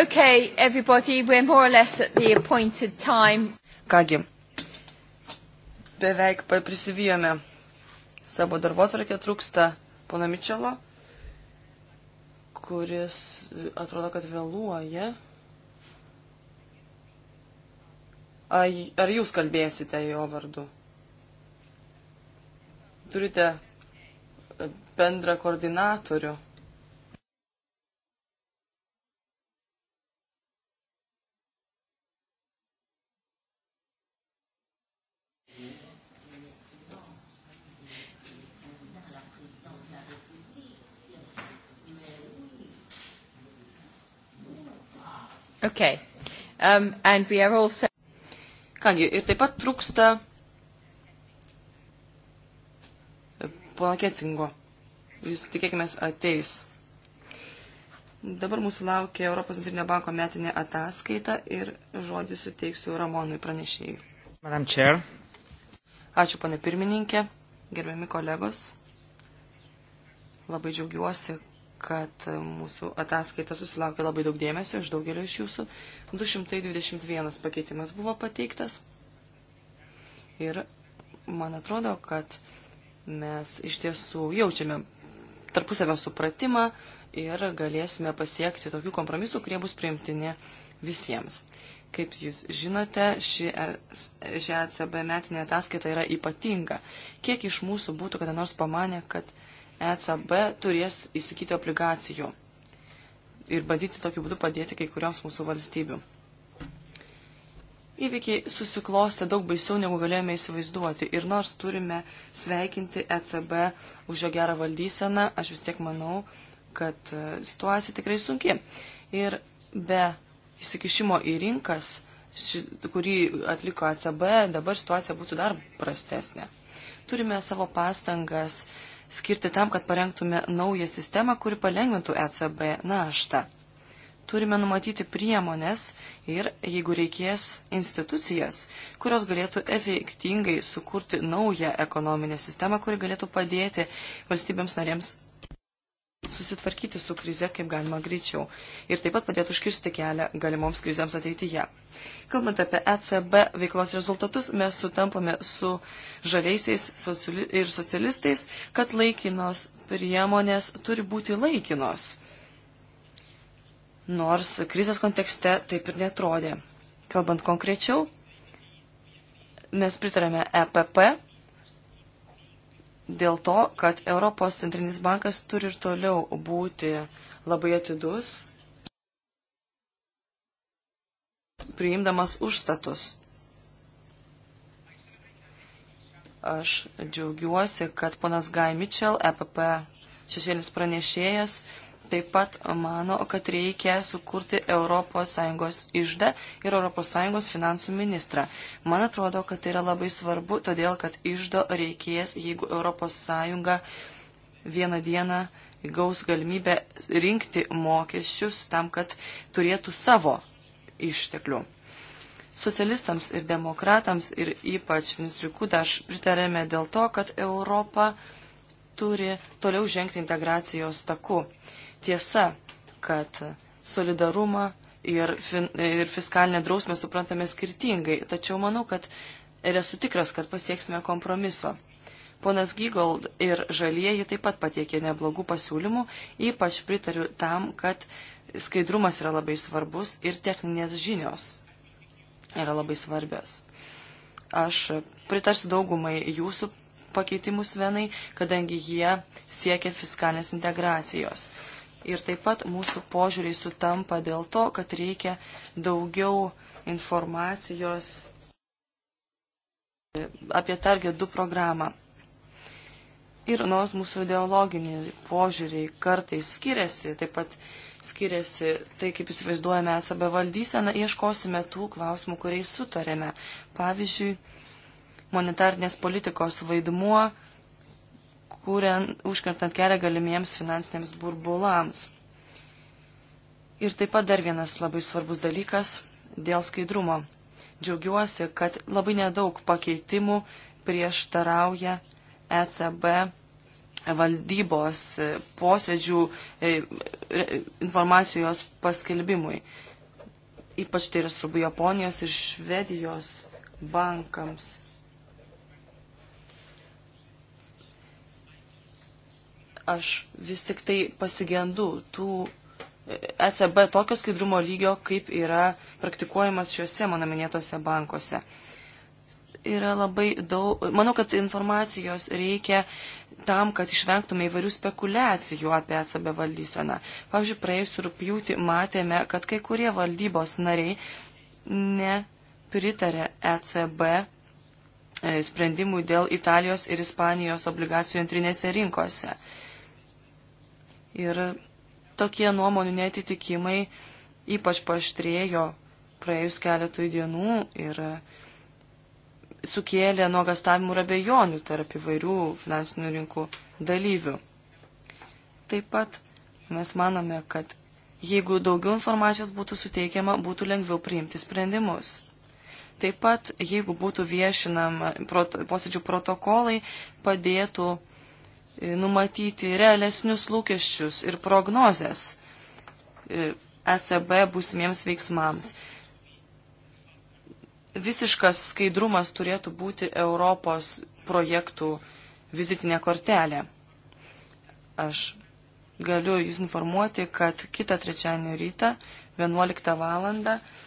Okay, everybody, we're more or less at the appointed
time. Kągi, beveik prisivijome savo darbotvarkę, trūksta pana Mičelo, kuris e, atrodo, kad vėluoja. Ar jūs kalbėsite jo vardu? Turite e, bendrą koordinatorių. Um, also... Kągi, ir taip pat trūksta e, plaketingo. Jis tikėkime ateis. Dabar mūsų laukia Europos centrinio banko metinė ataskaita ir žodį suteiksiu Ramonui pranešėjai. Madam Chair. Ačiū, pane pirmininkė, gerbiami kolegos. Labai džiaugiuosi, kad mūsų ataskaita susilaukė labai daug dėmesio iš daugelio iš jūsų. 221 pakeitimas buvo pateiktas. Ir man atrodo, kad mes iš tiesų jaučiame tarpusavio supratimą ir galėsime pasiekti tokių kompromisų, kurie bus priimtini visiems. Kaip jūs žinote, ši, e ši ECB metinė ataskaita yra ypatinga. Kiek iš mūsų būtų kada nors pamanę, kad ECB turės įsigyti obligacijų ir bandyti tokiu būdu padėti kai kurioms mūsų valstybių. Įvykiai susiklostė daug baisiau, negu galėjome įsivaizduoti. Ir nors turime sveikinti ECB už jo gerą valdyseną, aš vis tiek manau, kad e, situacija tikrai sunki. Ir be įsikišimo į rinkas, ši, kurį atliko ECB, dabar situacija būtų dar prastesnė. Turime savo pastangas uh, skirti tam, kad parengtume naują sistemą, kuri palengvintų ECB naštą. Turime numatyti priemonės ir, jeigu reikės, institucijas, kurios galėtų efektingai sukurti naują ekonominę sistemą, kuri galėtų padėti valstybėms narėms susitvarkyti su krize kaip galima greičiau ir taip pat padėtų užkirsti kelią galimoms krizėms ateityje. Kalbant apie ECB veiklos rezultatus, mes sutampame su žaliaisiais ir socialistais, kad laikinos priemonės turi būti laikinos. Nors krizės kontekste taip ir netrodė. Kalbant konkrečiau, mes pritarėme EPP dėl to, kad Europos centrinis bankas turi ir toliau būti labai atidus, priimdamas užstatus. Aš džiaugiuosi, kad ponas Guy Mitchell, EPP šešėlis pranešėjas, taip pat mano, kad reikia sukurti ES išdą ir ES finansų ministrą. Man atrodo, kad tai yra labai svarbu, todėl kad išdo reikės, jeigu ES vieną dieną gaus galimybę rinkti mokesčius tam, kad turėtų savo išteklių. Socialistams ir demokratams ir ypač ministriui Kudaš pritarėme dėl to, kad Europa turi toliau žengti integracijos taku tiesa, kad solidarumą ir, fin, ir fiskalinę drausmę suprantame skirtingai, tačiau manau, kad ir esu tikras, kad pasieksime kompromiso. Ponas Gygold ir žalieji taip pat patiekė neblogų pasiūlymų, ypač pritariu tam, kad skaidrumas yra labai svarbus ir techninės žinios yra labai svarbios. Aš pritarsiu daugumai jūsų pakeitimus vienai, kadangi jie siekia fiskalinės integracijos ir taip pat mūsų požiūriai sutampa dėl to, kad reikia daugiau informacijos apie Target 2 programą. Ir nors mūsų ideologiniai požiūriai kartais skiriasi, taip pat skiriasi tai, kaip įsivaizduojame esame valdyseną, ieškosime tų klausimų, kuriais sutarėme. Pavyzdžiui, monetarnės politikos vaidmuo kuriant, užkartant kelią galimiems finansiniams burbulams. Ir taip pat dar vienas labai svarbus dalykas dėl skaidrumo. Džiaugiuosi, kad labai nedaug pakeitimų prieštarauja ECB valdybos e, posėdžių e, informacijos paskelbimui. Ypač tai yra svarbu Japonijos ir Švedijos bankams. aš vis tik tai pasigendu tų ECB e tokio skaidrumo lygio, kaip yra praktikuojamas šiuose mano minėtose bankuose. Yra labai daug, manau, kad informacijos reikia tam, kad išvengtume įvairių spekulacijų apie ECB valdyseną. Pavyzdžiui, praėjusiu rūpjūtį matėme, kad kai kurie valdybos nariai nepritarė ECB e, sprendimų dėl Italijos ir Ispanijos obligacijų antrinėse rinkose. Ir tokie nuomonių netitikimai ypač paštrėjo praėjus keletui dienų ir sukėlė nuogastavimų ir abejonių tarp įvairių finansinių rinkų dalyvių. Taip pat mes manome, kad jeigu daugiau informacijos būtų suteikiama, būtų lengviau priimti sprendimus. Taip pat, jeigu būtų viešinama posėdžių protokolai, padėtų E, numatyti realesnius lūkesčius ir prognozes ECB e būsimiems veiksmams. Visiškas skaidrumas turėtų būti Europos projektų vizitinė kortelė. Aš galiu Jūs informuoti, kad kitą trečiadienį rytą 11 val.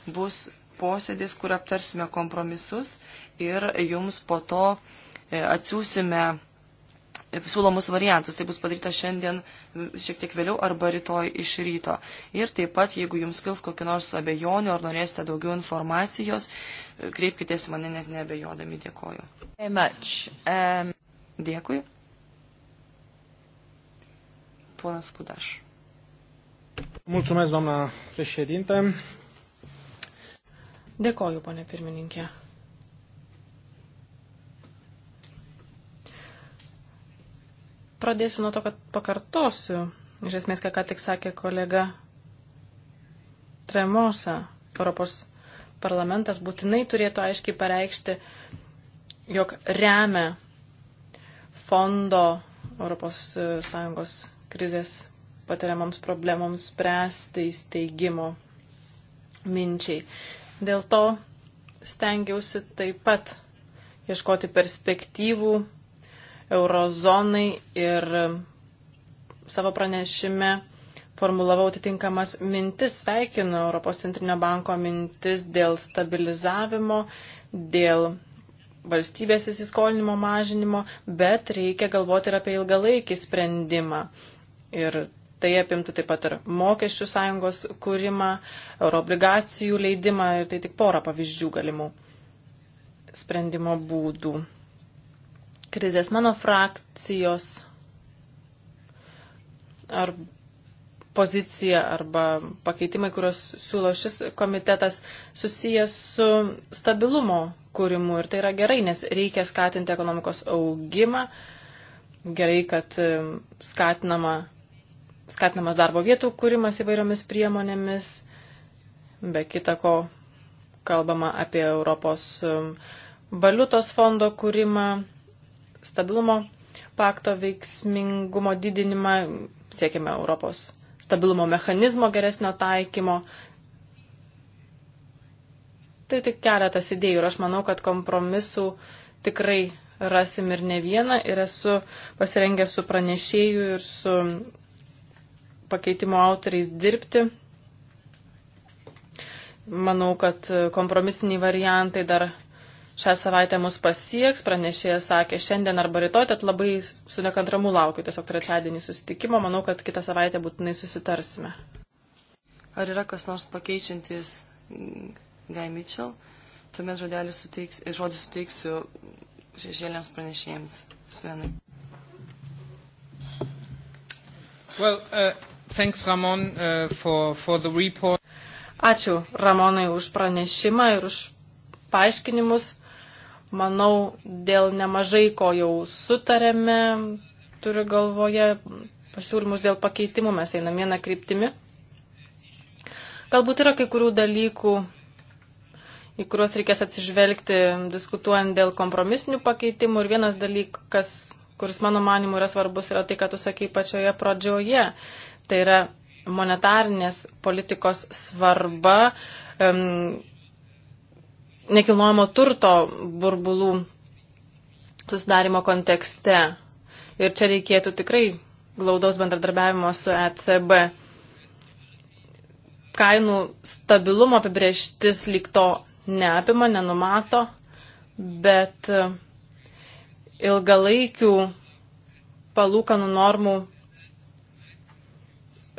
bus posėdis, kur aptarsime kompromisus ir Jums po to e, atsiūsime siūlomus variantus. Tai bus padaryta šiandien šiek tiek vėliau arba rytoj iš ryto. Ir taip pat, jeigu jums kils kokiu nors abejonių ar norėsite daugiau informacijos, kreipkitės mane net nebejodami. Dėkoju. Um... Dėkui. Ponas Kudaš. Mulțumesc, doamna președinte.
Dėkoju, ponė pirmininkė. pradėsiu nuo to, kad pakartosiu, iš esmės, ką tik sakė kolega Tremosa, Europos parlamentas būtinai turėtų aiškiai pareikšti, jog remia fondo ES e, krizės patiriamoms problemoms spręsti įsteigimo minčiai. Dėl to stengiausi taip pat ieškoti perspektyvų eurozonai ir savo pranešime formulavau atitinkamas mintis, sveikinu Europos centrinio banko mintis dėl stabilizavimo, dėl valstybės įsiskolinimo mažinimo, bet reikia galvoti ir apie ilgalaikį sprendimą. Ir tai apimtų taip pat ir mokesčių sąjungos kūrimą, euroobligacijų leidimą ir tai tik porą pavyzdžių galimų sprendimo būdų krizės. Mano frakcijos ar pozicija arba pakeitimai, kuriuos siūlo šis komitetas, susijęs su stabilumo kūrimu. Ir tai yra gerai, nes reikia skatinti ekonomikos augimą. Gerai, kad skatinama, skatinamas darbo vietų kūrimas įvairiomis priemonėmis. Be kita ko, kalbama apie Europos valiutos fondo kūrimą, stabilumo pakto veiksmingumo didinimą, siekiame Europos stabilumo mechanizmo geresnio taikymo. Tai tik keletas idėjų ir aš manau, kad kompromisų tikrai rasim ir ne vieną ir esu pasirengęs su pranešėju ir su pakeitimo autoriais dirbti. Manau, kad kompromisiniai variantai dar šią savaitę mus pasieks, pranešėjas sakė šiandien arba rytoj, tad labai su nekantramu laukiu tiesiog trečiadienį susitikimo, manau, kad kitą savaitę būtinai susitarsime.
Ar yra kas nors pakeičiantis Guy Mitchell? Tuomet e, žodį suteiks, suteiksiu šešėliams pranešėjams. Svenai.
Well, uh, thanks, Ramon, uh, for, for the report.
Ačiū Ramonai už pranešimą ir už paaiškinimus manau, dėl nemažai ko jau sutarėme, turiu galvoje pasiūlymus dėl pakeitimų, mes einam vieną kryptimį. Galbūt yra kai kurių dalykų, į kuriuos reikės atsižvelgti, diskutuojant dėl kompromisinių pakeitimų. Ir vienas dalykas, kuris mano manimu yra svarbus, yra tai, ką tu sakai pačioje pradžioje. Tai yra monetarnės politikos svarba, um, nekilnojamo turto burbulų susidarimo kontekste. Ir čia reikėtų tikrai glaudaus bendradarbiavimo su ECB. Kainų stabilumo apibrieštis lyg to neapima, nenumato, bet e, ilgalaikių palūkanų normų,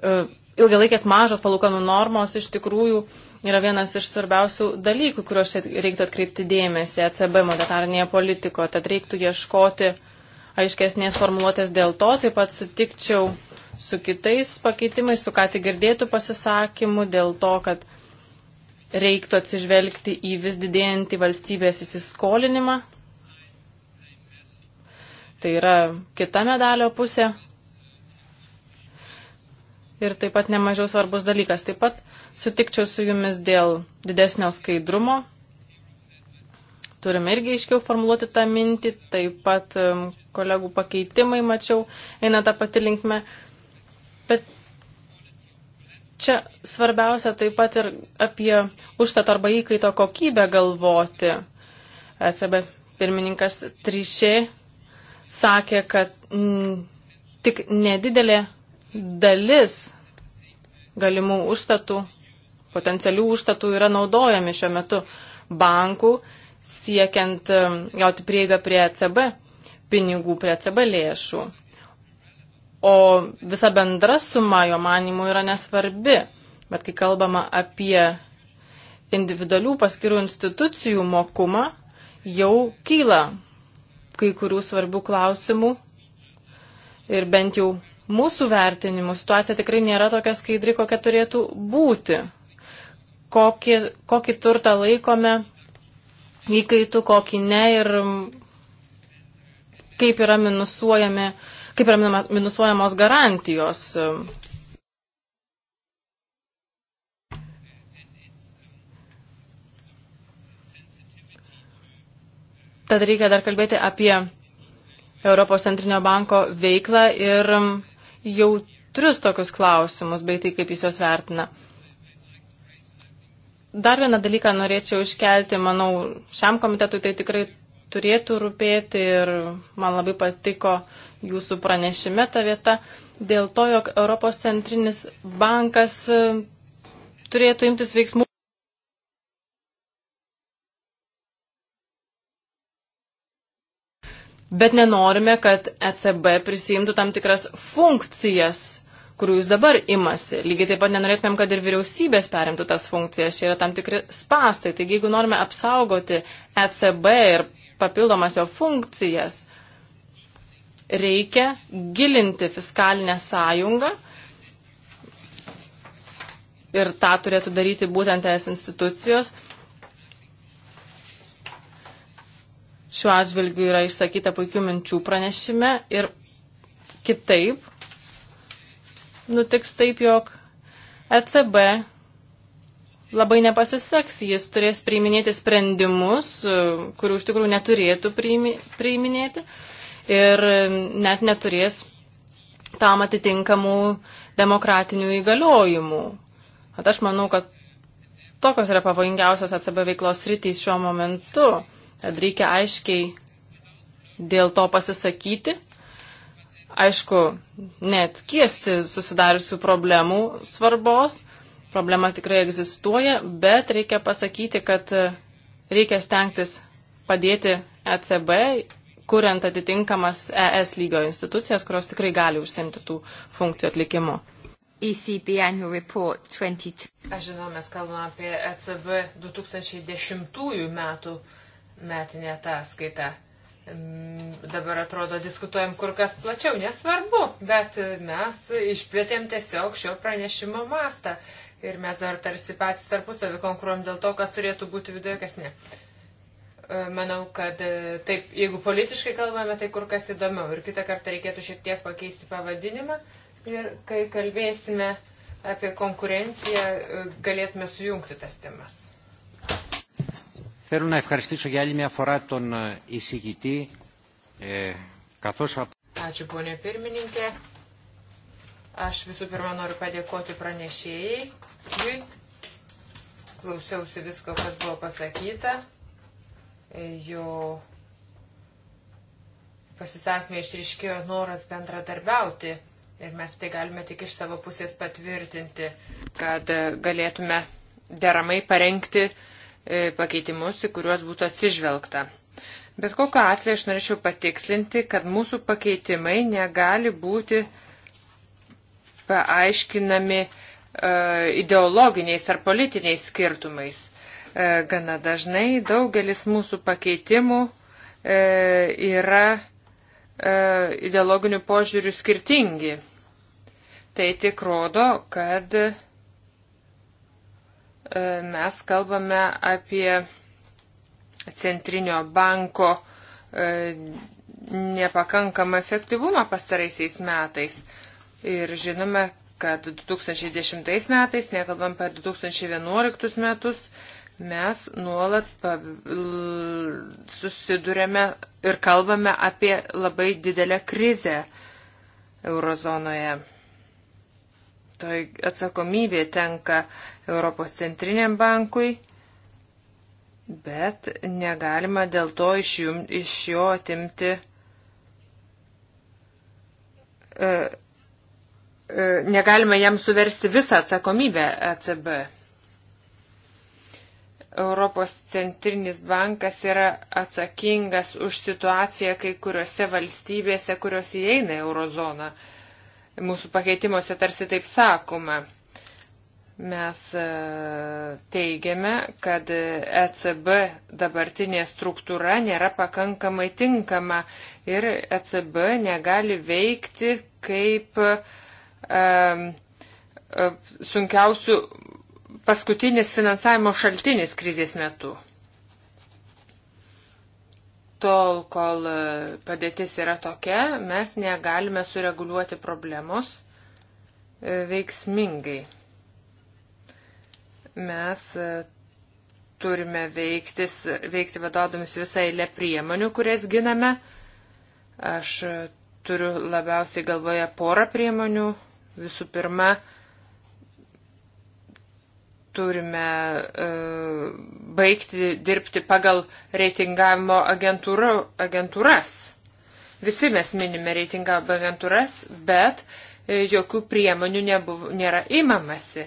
e, ilgalaikės mažos palūkanų normos iš tikrųjų yra vienas iš svarbiausių dalykų, kuriuos reiktų atkreipti dėmesį ECB monetarinėje politikoje. Tad reiktų ieškoti aiškesnės formuluotės dėl to. Taip pat sutikčiau su kitais pakeitimais, su ką tik girdėtų pasisakymu, dėl to, kad reiktų atsižvelgti į vis didėjantį valstybės įsiskolinimą. Tai yra kita medalio pusė. Ir taip pat nemažiau svarbus dalykas. Taip pat Sutikčiau su jumis dėl didesnio skaidrumo. Turime irgi aiškiau formuluoti tą mintį, taip pat kolegų pakeitimai, mačiau, eina tą patį linkmę. Bet čia svarbiausia taip pat ir apie užstato arba įkaito kokybę galvoti. ECB pirmininkas Trišė sakė, kad m, tik nedidelė dalis galimų užstatų potencialių užstatų yra naudojami šiuo metu bankų siekiant um, gauti prieigą prie ECB pinigų, prie ECB lėšų. O visa bendra suma jo manimų yra nesvarbi, bet kai kalbama apie individualių paskirų institucijų mokumą, jau kyla kai kurių svarbių klausimų ir bent jau mūsų vertinimu situacija tikrai nėra tokia skaidri, kokia turėtų būti kokį, kokį turtą laikome įkaitų, kokį ne ir kaip yra minusuojami, kaip yra minusuojamos garantijos. Tad reikia dar kalbėti apie Europos centrinio banko veiklą ir jautrius tokius klausimus, bei tai, kaip jis juos vertina. Dar vieną dalyką norėčiau iškelti, manau, šiam komitetui tai tikrai turėtų rūpėti ir man labai patiko jūsų pranešime ta vieta, dėl to, jog Europos centrinis bankas e, turėtų imtis veiksmų. Bet nenorime, kad ECB prisimtų tam tikras funkcijas kurių jis dabar imasi. Lygiai taip pat nenorėtumėm, kad ir vyriausybės perimtų tas funkcijas. Čia yra tam tikri spastai. Taigi, jeigu norime apsaugoti ECB ir papildomas jo funkcijas, reikia gilinti fiskalinę sąjungą. Ir tą turėtų daryti būtent es institucijos. Šiuo atžvilgiu yra išsakyta puikių minčių pranešime ir kitaip nutiks taip, jog ECB labai nepasiseks, jis turės priiminėti sprendimus, e, kurių iš tikrųjų neturėtų priimi, priiminėti ir e, net neturės tam atitinkamų demokratinių įgaliojimų. At aš manau, kad tokios yra pavojingiausios ACB e veiklos rytys šiuo momentu. Tad reikia aiškiai dėl to pasisakyti aišku, net kiesti susidariusių problemų svarbos. Problema tikrai egzistuoja, bet reikia pasakyti, kad e, reikia stengtis padėti ECB, kuriant atitinkamas ES lygio institucijas, kurios tikrai gali užsimti tų funkcijų atlikimu. ECB Annual Report
22.
Aš žinau, mes kalbame apie ECB 2010 metų metinę ataskaitą dabar atrodo diskutuojam kur kas plačiau, nesvarbu, bet e, mes išplėtėm tiesiog šio pranešimo mastą ir mes dar tarsi patys tarpusavį konkuruojam dėl to, kas turėtų būti viduje, kas ne. E, manau, kad e, taip, jeigu politiškai kalbame, tai kur kas įdomiau ir kitą kartą reikėtų šiek tiek pakeisti pavadinimą ir kai kalbėsime apie konkurenciją, galėtume sujungti tas temas. Θέλω να ευχαριστήσω για άλλη μια φορά τον εισηγητή, ε, καθώς... Ačiū, ponė pirmininkė. Aš visų pirma noriu padėkoti pranešėjai. Jui klausiausi visko, kas buvo pasakyta. E, jo pasisakymė išriškėjo noras bendradarbiauti. Ir mes tai galime tik iš savo pusės patvirtinti, kad e, galėtume deramai parengti uh, E, pakeitimus, į kuriuos būtų atsižvelgta. Bet kokiu atveju aš norėčiau patikslinti, kad mūsų pakeitimai negali būti paaiškinami e, ideologiniais ar politiniais skirtumais. E, gana dažnai daugelis mūsų pakeitimų yra ideologinių požiūrių skirtingi. Tai tik rodo, kad E, mes kalbame apie centrinio banko e, nepakankamą efektyvumą pastaraisiais metais. Ir žinome, kad 2010 metais, nekalbam apie 2011 metus, mes nuolat susidurėme ir kalbame apie labai didelę krizę eurozonoje tai atsakomybė tenka Europos centriniam bankui, bet negalima dėl to iš, jum, iš jo atimti. E, e, negalima jam suversti visą atsakomybę ECB. Europos centrinis bankas yra atsakingas už situaciją kai kuriuose valstybėse, kurios įeina į eurozoną. E, Mūsų pakeitimuose tarsi taip sakoma. Mes e, teigiame, kad ECB dabartinė struktūra nėra pakankamai tinkama ir ECB negali veikti kaip um, sunkiausių paskutinis finansavimo šaltinis krizės metu tol, kol e, padėtis yra tokia, mes negalime sureguliuoti problemos e, veiksmingai. Mes e, turime veiktis, veikti vadovėmis visai le priemonių, kurias giname. Aš turiu labiausiai galvoje porą priemonių. Visų pirma, turime uh, baigti dirbti pagal reitingavimo agentūra, agentūras. Visi mes minime reitingavimo agentūras, bet e, jokių priemonių nebuvo, nėra imamasi.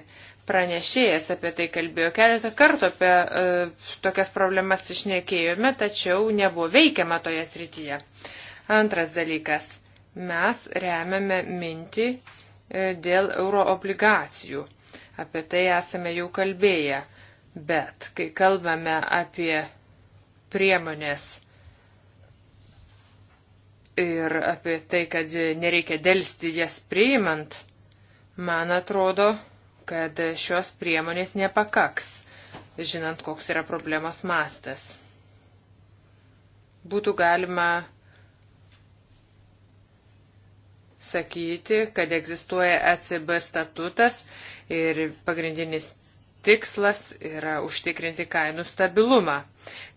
Pranešėjas apie tai kalbėjo keletą kartų, apie uh, tokias problemas išnekėjome, tačiau nebuvo veikiama toje srityje. Antras dalykas. Mes remiame mintį uh, dėl euroobligacijų. Uh, Apie tai esame jau kalbėję. Bet kai kalbame apie priemonės ir apie tai, kad nereikia dėlsti jas priimant, man atrodo, kad šios priemonės nepakaks, žinant, koks yra problemos mastas. Būtų galima pasakyti, kad egzistuoja ECB statutas ir pagrindinis tikslas yra užtikrinti kainų stabilumą.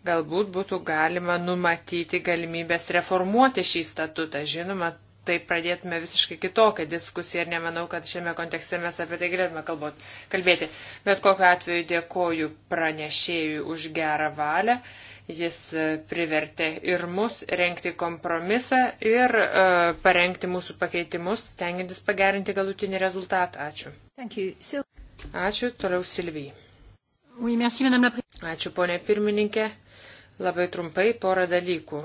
Galbūt būtų galima numatyti galimybės reformuoti šį statutą. Žinoma, tai pradėtume visiškai kitokią diskusiją ir nemanau, kad šiame kontekste mes apie tai galėtume kalbot, kalbėti. Bet kokiu atveju dėkoju pranešėjui už gerą valią Jis e, privertė ir mus renkti kompromisą ir uh, parengti mūsų pakeitimus, tengintis pagerinti galutinį rezultatą. Ačiū. Ačiū. Toliau Silvijai. Ačiū, ponė pirmininkė. Labai trumpai porą dalykų.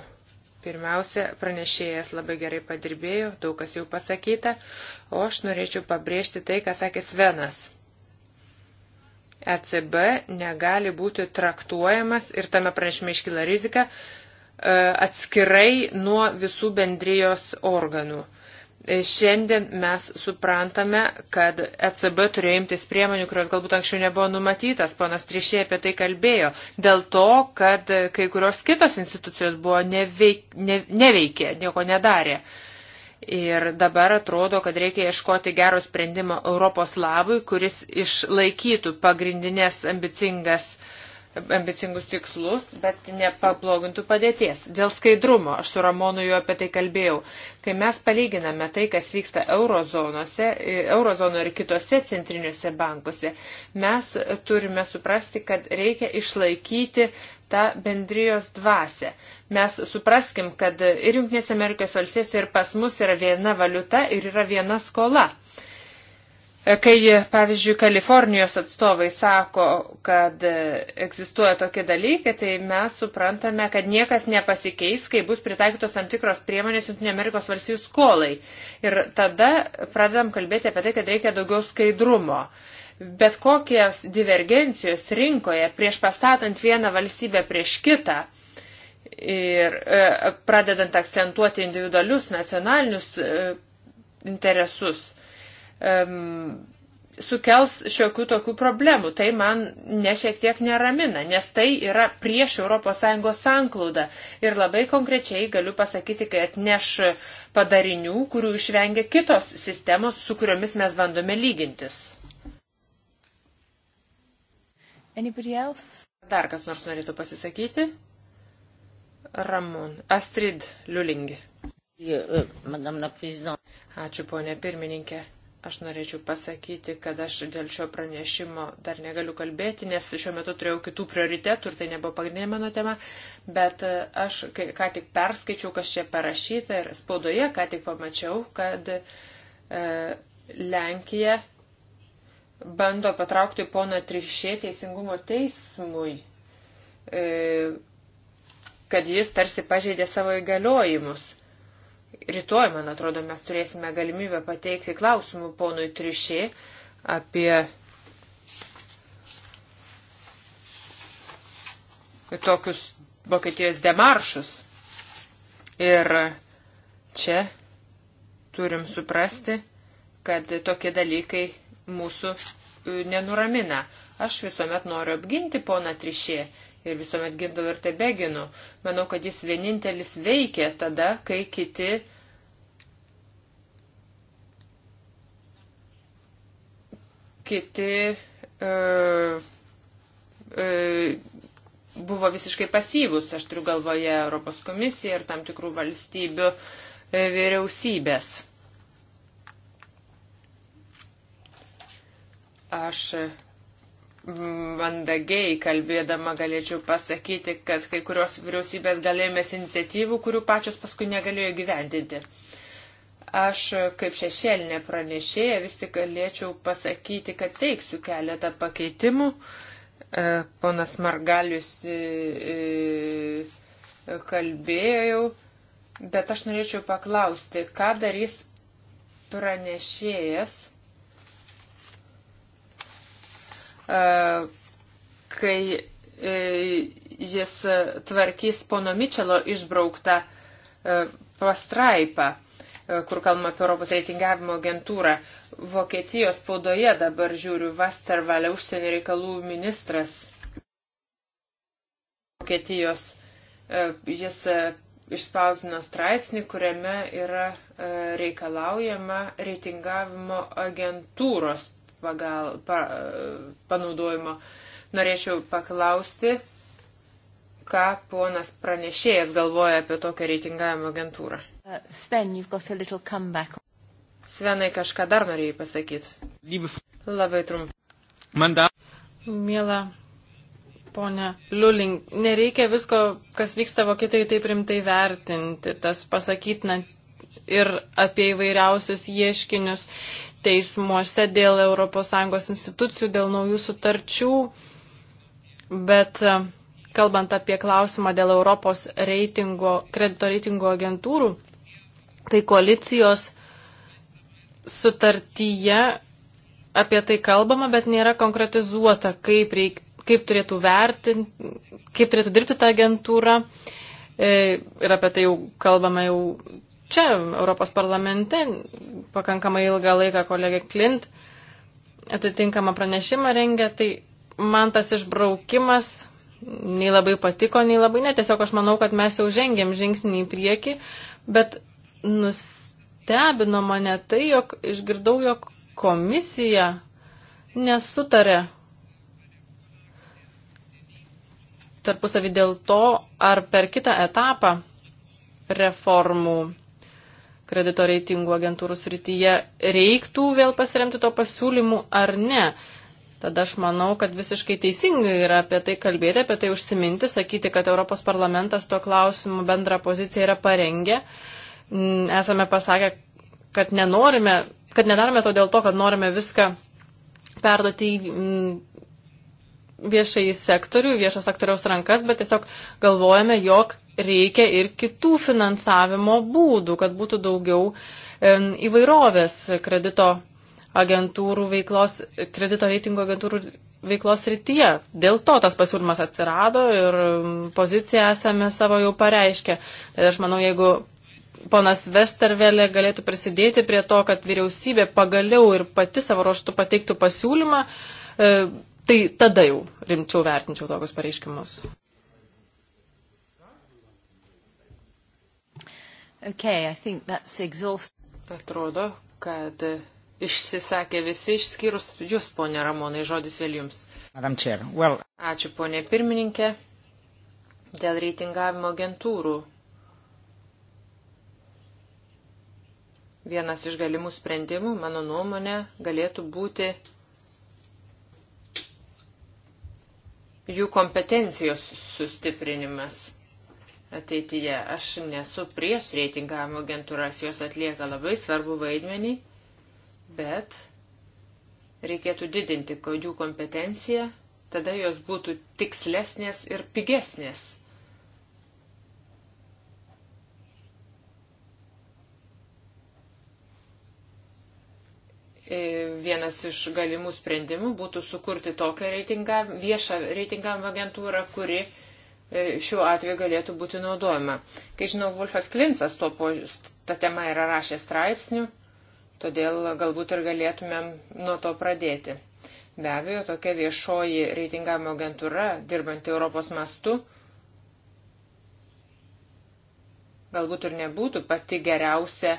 Pirmiausia, pranešėjas labai gerai padirbėjo, daug kas jau pasakyta, o aš norėčiau pabrėžti tai, ką sakė Svenas. ECB negali būti traktuojamas ir tame pranešime iškyla rizika e, atskirai nuo visų bendrijos organų. E, šiandien mes suprantame, kad ECB turėjo imtis priemonių, kurios galbūt anksčiau nebuvo numatytas. Ponas Trišė apie tai kalbėjo. Dėl to, kad kai kurios kitos institucijos buvo neveik, ne, neveikė, nieko nedarė. Uh, Ir dabar atrodo, kad reikia ieškoti gero sprendimo Europos labui, kuris išlaikytų pagrindinės ambicingas ambicingus tikslus, bet nepablogintų padėties. Dėl skaidrumo, aš su Ramonu jau apie tai kalbėjau, kai mes palyginame tai, kas vyksta eurozonose, eurozono ir kitose centriniuose bankuose, mes turime suprasti, kad reikia išlaikyti tą bendrijos dvasę. Mes supraskim, kad ir Junktinės Amerikos valstijose, ir pas mus yra viena valiuta ir yra viena skola. Kai, pavyzdžiui, Kalifornijos atstovai sako, kad egzistuoja tokie dalykai, tai mes suprantame, kad niekas nepasikeis, kai bus pritaikytos tam tikros priemonės Junktinė Amerikos valstijų skolai. Ir tada pradedam kalbėti apie tai, kad reikia daugiau skaidrumo bet kokios divergencijos rinkoje prieš pastatant vieną valstybę prieš kitą ir e, pradedant akcentuoti individualius nacionalinius e, interesus sukels šiokių tokių problemų. Tai man ne šiek tiek neramina, nes tai yra prieš ES sanklaudą. Ir labai konkrečiai galiu pasakyti, kai atneš padarinių, kurių išvengia kitos sistemos, su kuriomis mes bandome lygintis. Anybody else? Dar kas nors norėtų pasisakyti? Ramon. Astrid Liulingi. Euh, Ačiū, ponė pirmininkė. Aš norėčiau pasakyti, kad aš dėl šio pranešimo dar negaliu kalbėti, nes šiuo metu turėjau kitų prioritetų ir tai nebuvo pagrindinė mano tema, bet e, aš ką tik perskaičiau, kas čia parašyta ir spaudoje ką tik pamačiau, kad e, Lenkija bando patraukti poną Trišė teisingumo teismui, e, kad jis tarsi pažeidė savo įgaliojimus. Rytoj, man atrodo, mes turėsime galimybę pateikti klausimų ponui Trišė apie tokius Vokietijos demaršus. Ir čia turim suprasti, kad tokie dalykai mūsų e, nenuramina. Aš visuomet noriu apginti poną Trišė ir visuomet gindau ir tebeginu. Manau, kad jis vienintelis veikia tada, kai kiti kiti e, e, buvo visiškai pasyvus, aš turiu galvoje Europos komisiją ir tam tikrų valstybių e, vyriausybės. Aš mandagiai kalbėdama galėčiau pasakyti, kad kai kurios vyriausybės galėjomės iniciatyvų, kurių pačios paskui negalėjo gyvendinti. Aš kaip šešėlinė pranešėja vis tik galėčiau pasakyti, kad teiksiu keletą pakeitimų. E, ponas Margalius e, e, kalbėjau, bet aš norėčiau paklausti, ką darys pranešėjas kai e, jis tvarkys pono Mičelo išbrauktą e, pastraipą, e, kur kalbama apie Europos reitingavimo agentūrą. Vokietijos spaudoje dabar žiūriu Vastervalė užsienio reikalų ministras. Vokietijos jis išspausdino straipsnį, kuriame yra reikalaujama reitingavimo agentūros pagal, pa, panaudojimo. Norėčiau paklausti, ką ponas pranešėjas galvoja apie tokią reitingavimo agentūrą. Uh, Sven,
Svenai, kažką dar norėjai pasakyti. Labai
trumpai.
Mėla Pone Liuling, nereikia visko, kas vyksta Vokietijoje, taip rimtai vertinti. Tas pasakytina ir apie įvairiausius ieškinius teismuose dėl ES institucijų, dėl naujų sutarčių, bet e, kalbant apie klausimą dėl Europos reitingo, kredito reitingo agentūrų, tai koalicijos sutartyje apie tai kalbama, bet nėra konkretizuota, kaip, reik, kaip, turėtų, vertinti, kaip turėtų dirbti ta agentūra. E, ir apie tai jau kalbame jau čia, Europos parlamente, pakankamai ilgą laiką kolegė Klint atitinkamą pranešimą rengė, tai man tas išbraukimas nei labai patiko, nei labai ne. Tiesiog aš manau, kad mes jau žengėm žingsnį į priekį, bet nustebino mane tai, jog išgirdau, jog komisija nesutarė tarpusavį dėl to, ar per kitą etapą reformų kredito reitingų agentūrų srityje, reiktų vėl pasiremti to pasiūlymu ar ne. Tada aš manau, kad visiškai teisingai yra apie tai kalbėti, apie tai užsiminti, sakyti, kad Europos parlamentas tuo klausimu bendrą poziciją yra parengę. Mm, esame pasakę, kad nenorime, kad nedarome to dėl to, kad norime viską perduoti į mm, viešai sektorių, viešo sektoriaus rankas, bet tiesiog galvojame, jog reikia ir kitų finansavimo būdų, kad būtų daugiau įvairovės kredito agentūrų veiklos, kredito reitingo agentūrų veiklos rytyje. Dėl to tas pasiūlymas atsirado ir poziciją esame savo jau pareiškę. Tai aš manau, jeigu ponas Vestervelė galėtų prisidėti prie to, kad vyriausybė pagaliau ir pati savo ruoštų pateiktų pasiūlymą, e, Tai tada jau rimčiau vertinčiau tokius pareiškimus.
Okay, I think that's exhaust.
Atrodo, kad Išsisakė visi išskyrus jūs, ponė Ramonai, žodis vėl jums. Well. Ačiū, ponė pirmininkė, dėl reitingavimo agentūrų. Vienas iš galimų sprendimų, mano nuomonė, galėtų būti jų kompetencijos sustiprinimas ateityje. Aš nesu prieš reitingavimo agentūras, jos atlieka labai svarbu vaidmenį, bet reikėtų didinti jų kompetenciją, tada jos būtų tikslesnės ir pigesnės. E, vienas iš galimų sprendimų būtų sukurti tokią reitingą, viešą reitingavimo agentūrą, kuri e, šiuo atveju galėtų būti naudojama. Kai žinau, Wolfas Klinsas to po, tą temą yra rašęs straipsnių, todėl galbūt ir galėtumėm nuo to pradėti. Be abejo, tokia viešoji reitingavimo agentūra, dirbanti Europos mastu, galbūt ir nebūtų pati geriausia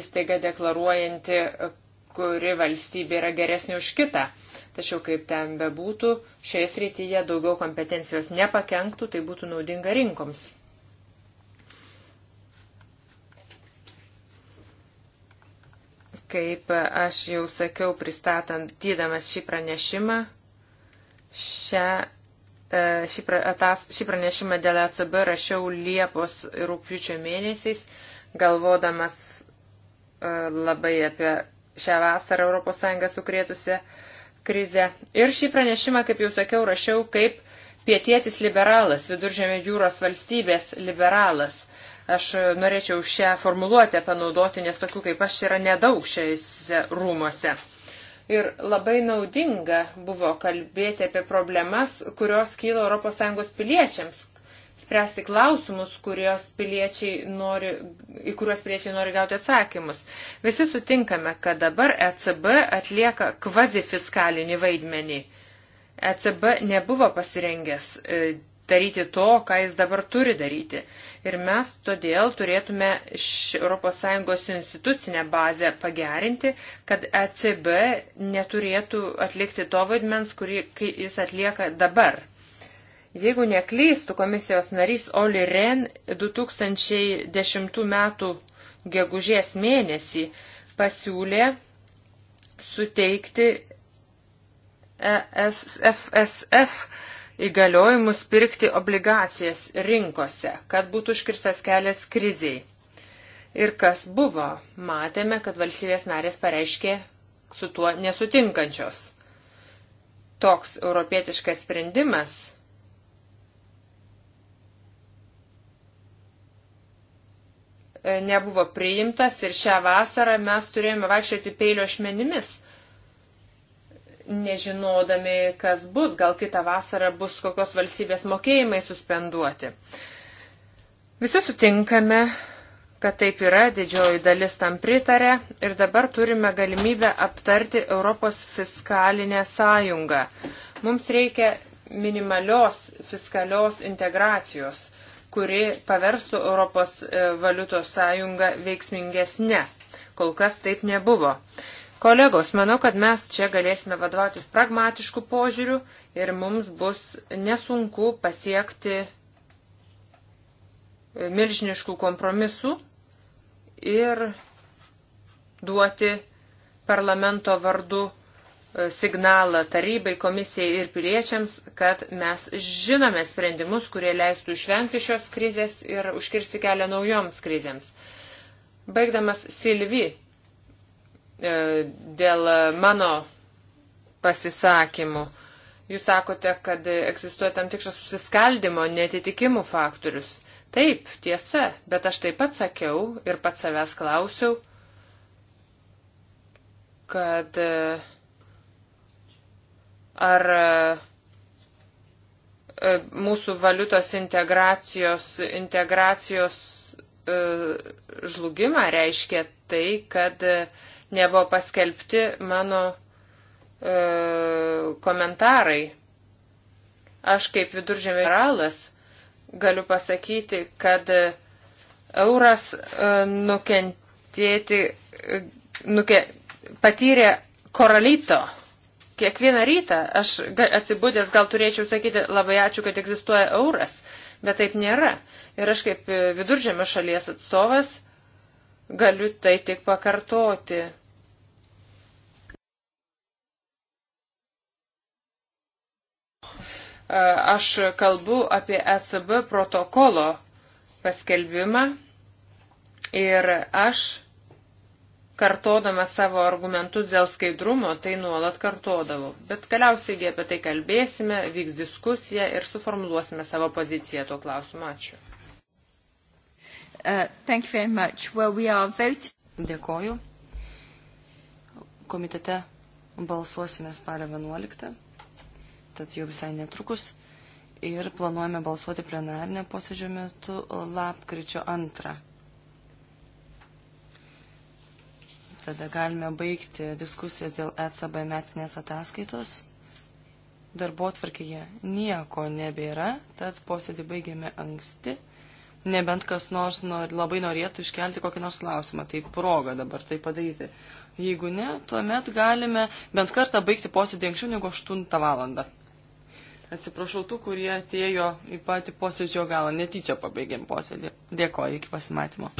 įstaiga deklaruojanti kuri valstybė yra geresnė už kitą. Tačiau kaip ten bebūtų, šioje srityje daugiau kompetencijos nepakenktų, tai būtų naudinga rinkoms. Kaip aš jau sakiau, pristatant, tydamas šį pranešimą, šią e, šį, atas, šį pranešimą dėl ECB rašiau Liepos ir Rūpiučio mėnesiais, galvodamas e, labai apie šią vasarą ES sukrėtusią krizę. Ir šį pranešimą, kaip jau sakiau, rašiau kaip pietietis liberalas, viduržėmė jūros valstybės liberalas. Aš norėčiau šią formuluotę panaudoti, nes tokių kaip aš yra nedaug šiuose rūmose. Ir labai naudinga buvo kalbėti apie problemas, kurios kyla ES piliečiams, spręsti klausimus, nori, į kuriuos piliečiai nori gauti atsakymus. Visi sutinkame, kad dabar ECB atlieka kvazifiskalinį vaidmenį. ECB nebuvo pasirengęs e, daryti to, ką jis dabar turi daryti. Ir mes todėl turėtume ES institucinę bazę pagerinti, kad ECB neturėtų atlikti to vaidmens, kurį jis atlieka dabar. Jeigu neklystų, komisijos narys Oli Ren 2010 metų gegužės mėnesį pasiūlė suteikti ESFSF įgaliojimus pirkti obligacijas rinkose, kad būtų užkirstas kelias kriziai. Ir kas buvo, matėme, kad valstybės narės pareiškė su tuo nesutinkančios. Toks europietiškas sprendimas E, nebuvo priimtas ir šią vasarą mes turėjome vaikščioti peilio ašmenimis, nežinodami, kas bus, gal kitą vasarą bus kokios valstybės mokėjimai suspenduoti. Visi sutinkame, kad taip yra, didžioji dalis tam pritarė ir dabar turime galimybę aptarti Europos fiskalinę sąjungą. Mums reikia minimalios fiskalios integracijos kuri paverstų Europos e, valiutos sąjungą veiksmingesnė. Kol kas taip nebuvo. Kolegos, manau, kad mes čia galėsime vadovautis pragmatiškų požiūrių ir mums bus nesunku pasiekti e, milžiniškų kompromisų ir duoti parlamento vardu signalą tarybai, komisijai ir piliečiams, kad mes žinome sprendimus, kurie leistų išvengti šios krizės ir užkirsti kelią naujoms krizėms. Baigdamas Silvi e, dėl mano pasisakymų. Jūs sakote, kad egzistuoja tam tikras susiskaldimo, netitikimų faktorius. Taip, tiesa, bet aš taip pat sakiau ir pats savęs klausiau, kad uh, ar e, e, mūsų valiutos integracijos, integracijos e, žlugimą reiškia tai, kad nebuvo paskelbti mano komentarai. Aš kaip viduržėmė liberalas galiu pasakyti, kad euras nukentėti, nuke, patyrė koralito Kiekvieną rytą aš atsibūdęs gal turėčiau sakyti labai ačiū, kad egzistuoja euras, bet taip nėra. Ir aš kaip e, viduržėmio šalies atstovas galiu tai tik pakartoti. E, aš kalbu apie ECB protokolo paskelbimą ir aš kartodama savo argumentus dėl skaidrumo, tai nuolat kartodavau. Bet galiausiai apie tai kalbėsime, vyks diskusija ir suformuluosime savo poziciją tuo klausimu.
Ačiū. Uh, well, we Dėkoju. Komitete balsuosime spalio 11, tad jau visai netrukus. Ir planuojame balsuoti plenarinę posėdžio metu lapkričio 2. Tada galime baigti diskusijas dėl ECB metinės ataskaitos. Darbo atvarkėje nieko nebėra, tad posėdį baigėme anksti. Nebent kas nors nor, labai norėtų iškelti kokį nors klausimą, tai proga dabar tai padaryti. Jeigu ne, tuomet galime bent kartą baigti posėdį anksčiau negu 8 valandą. Atsiprašau tų, kurie atėjo į patį posėdžio galą, netyčia pabaigėm posėdį. Dėkoju, iki pasimatymo.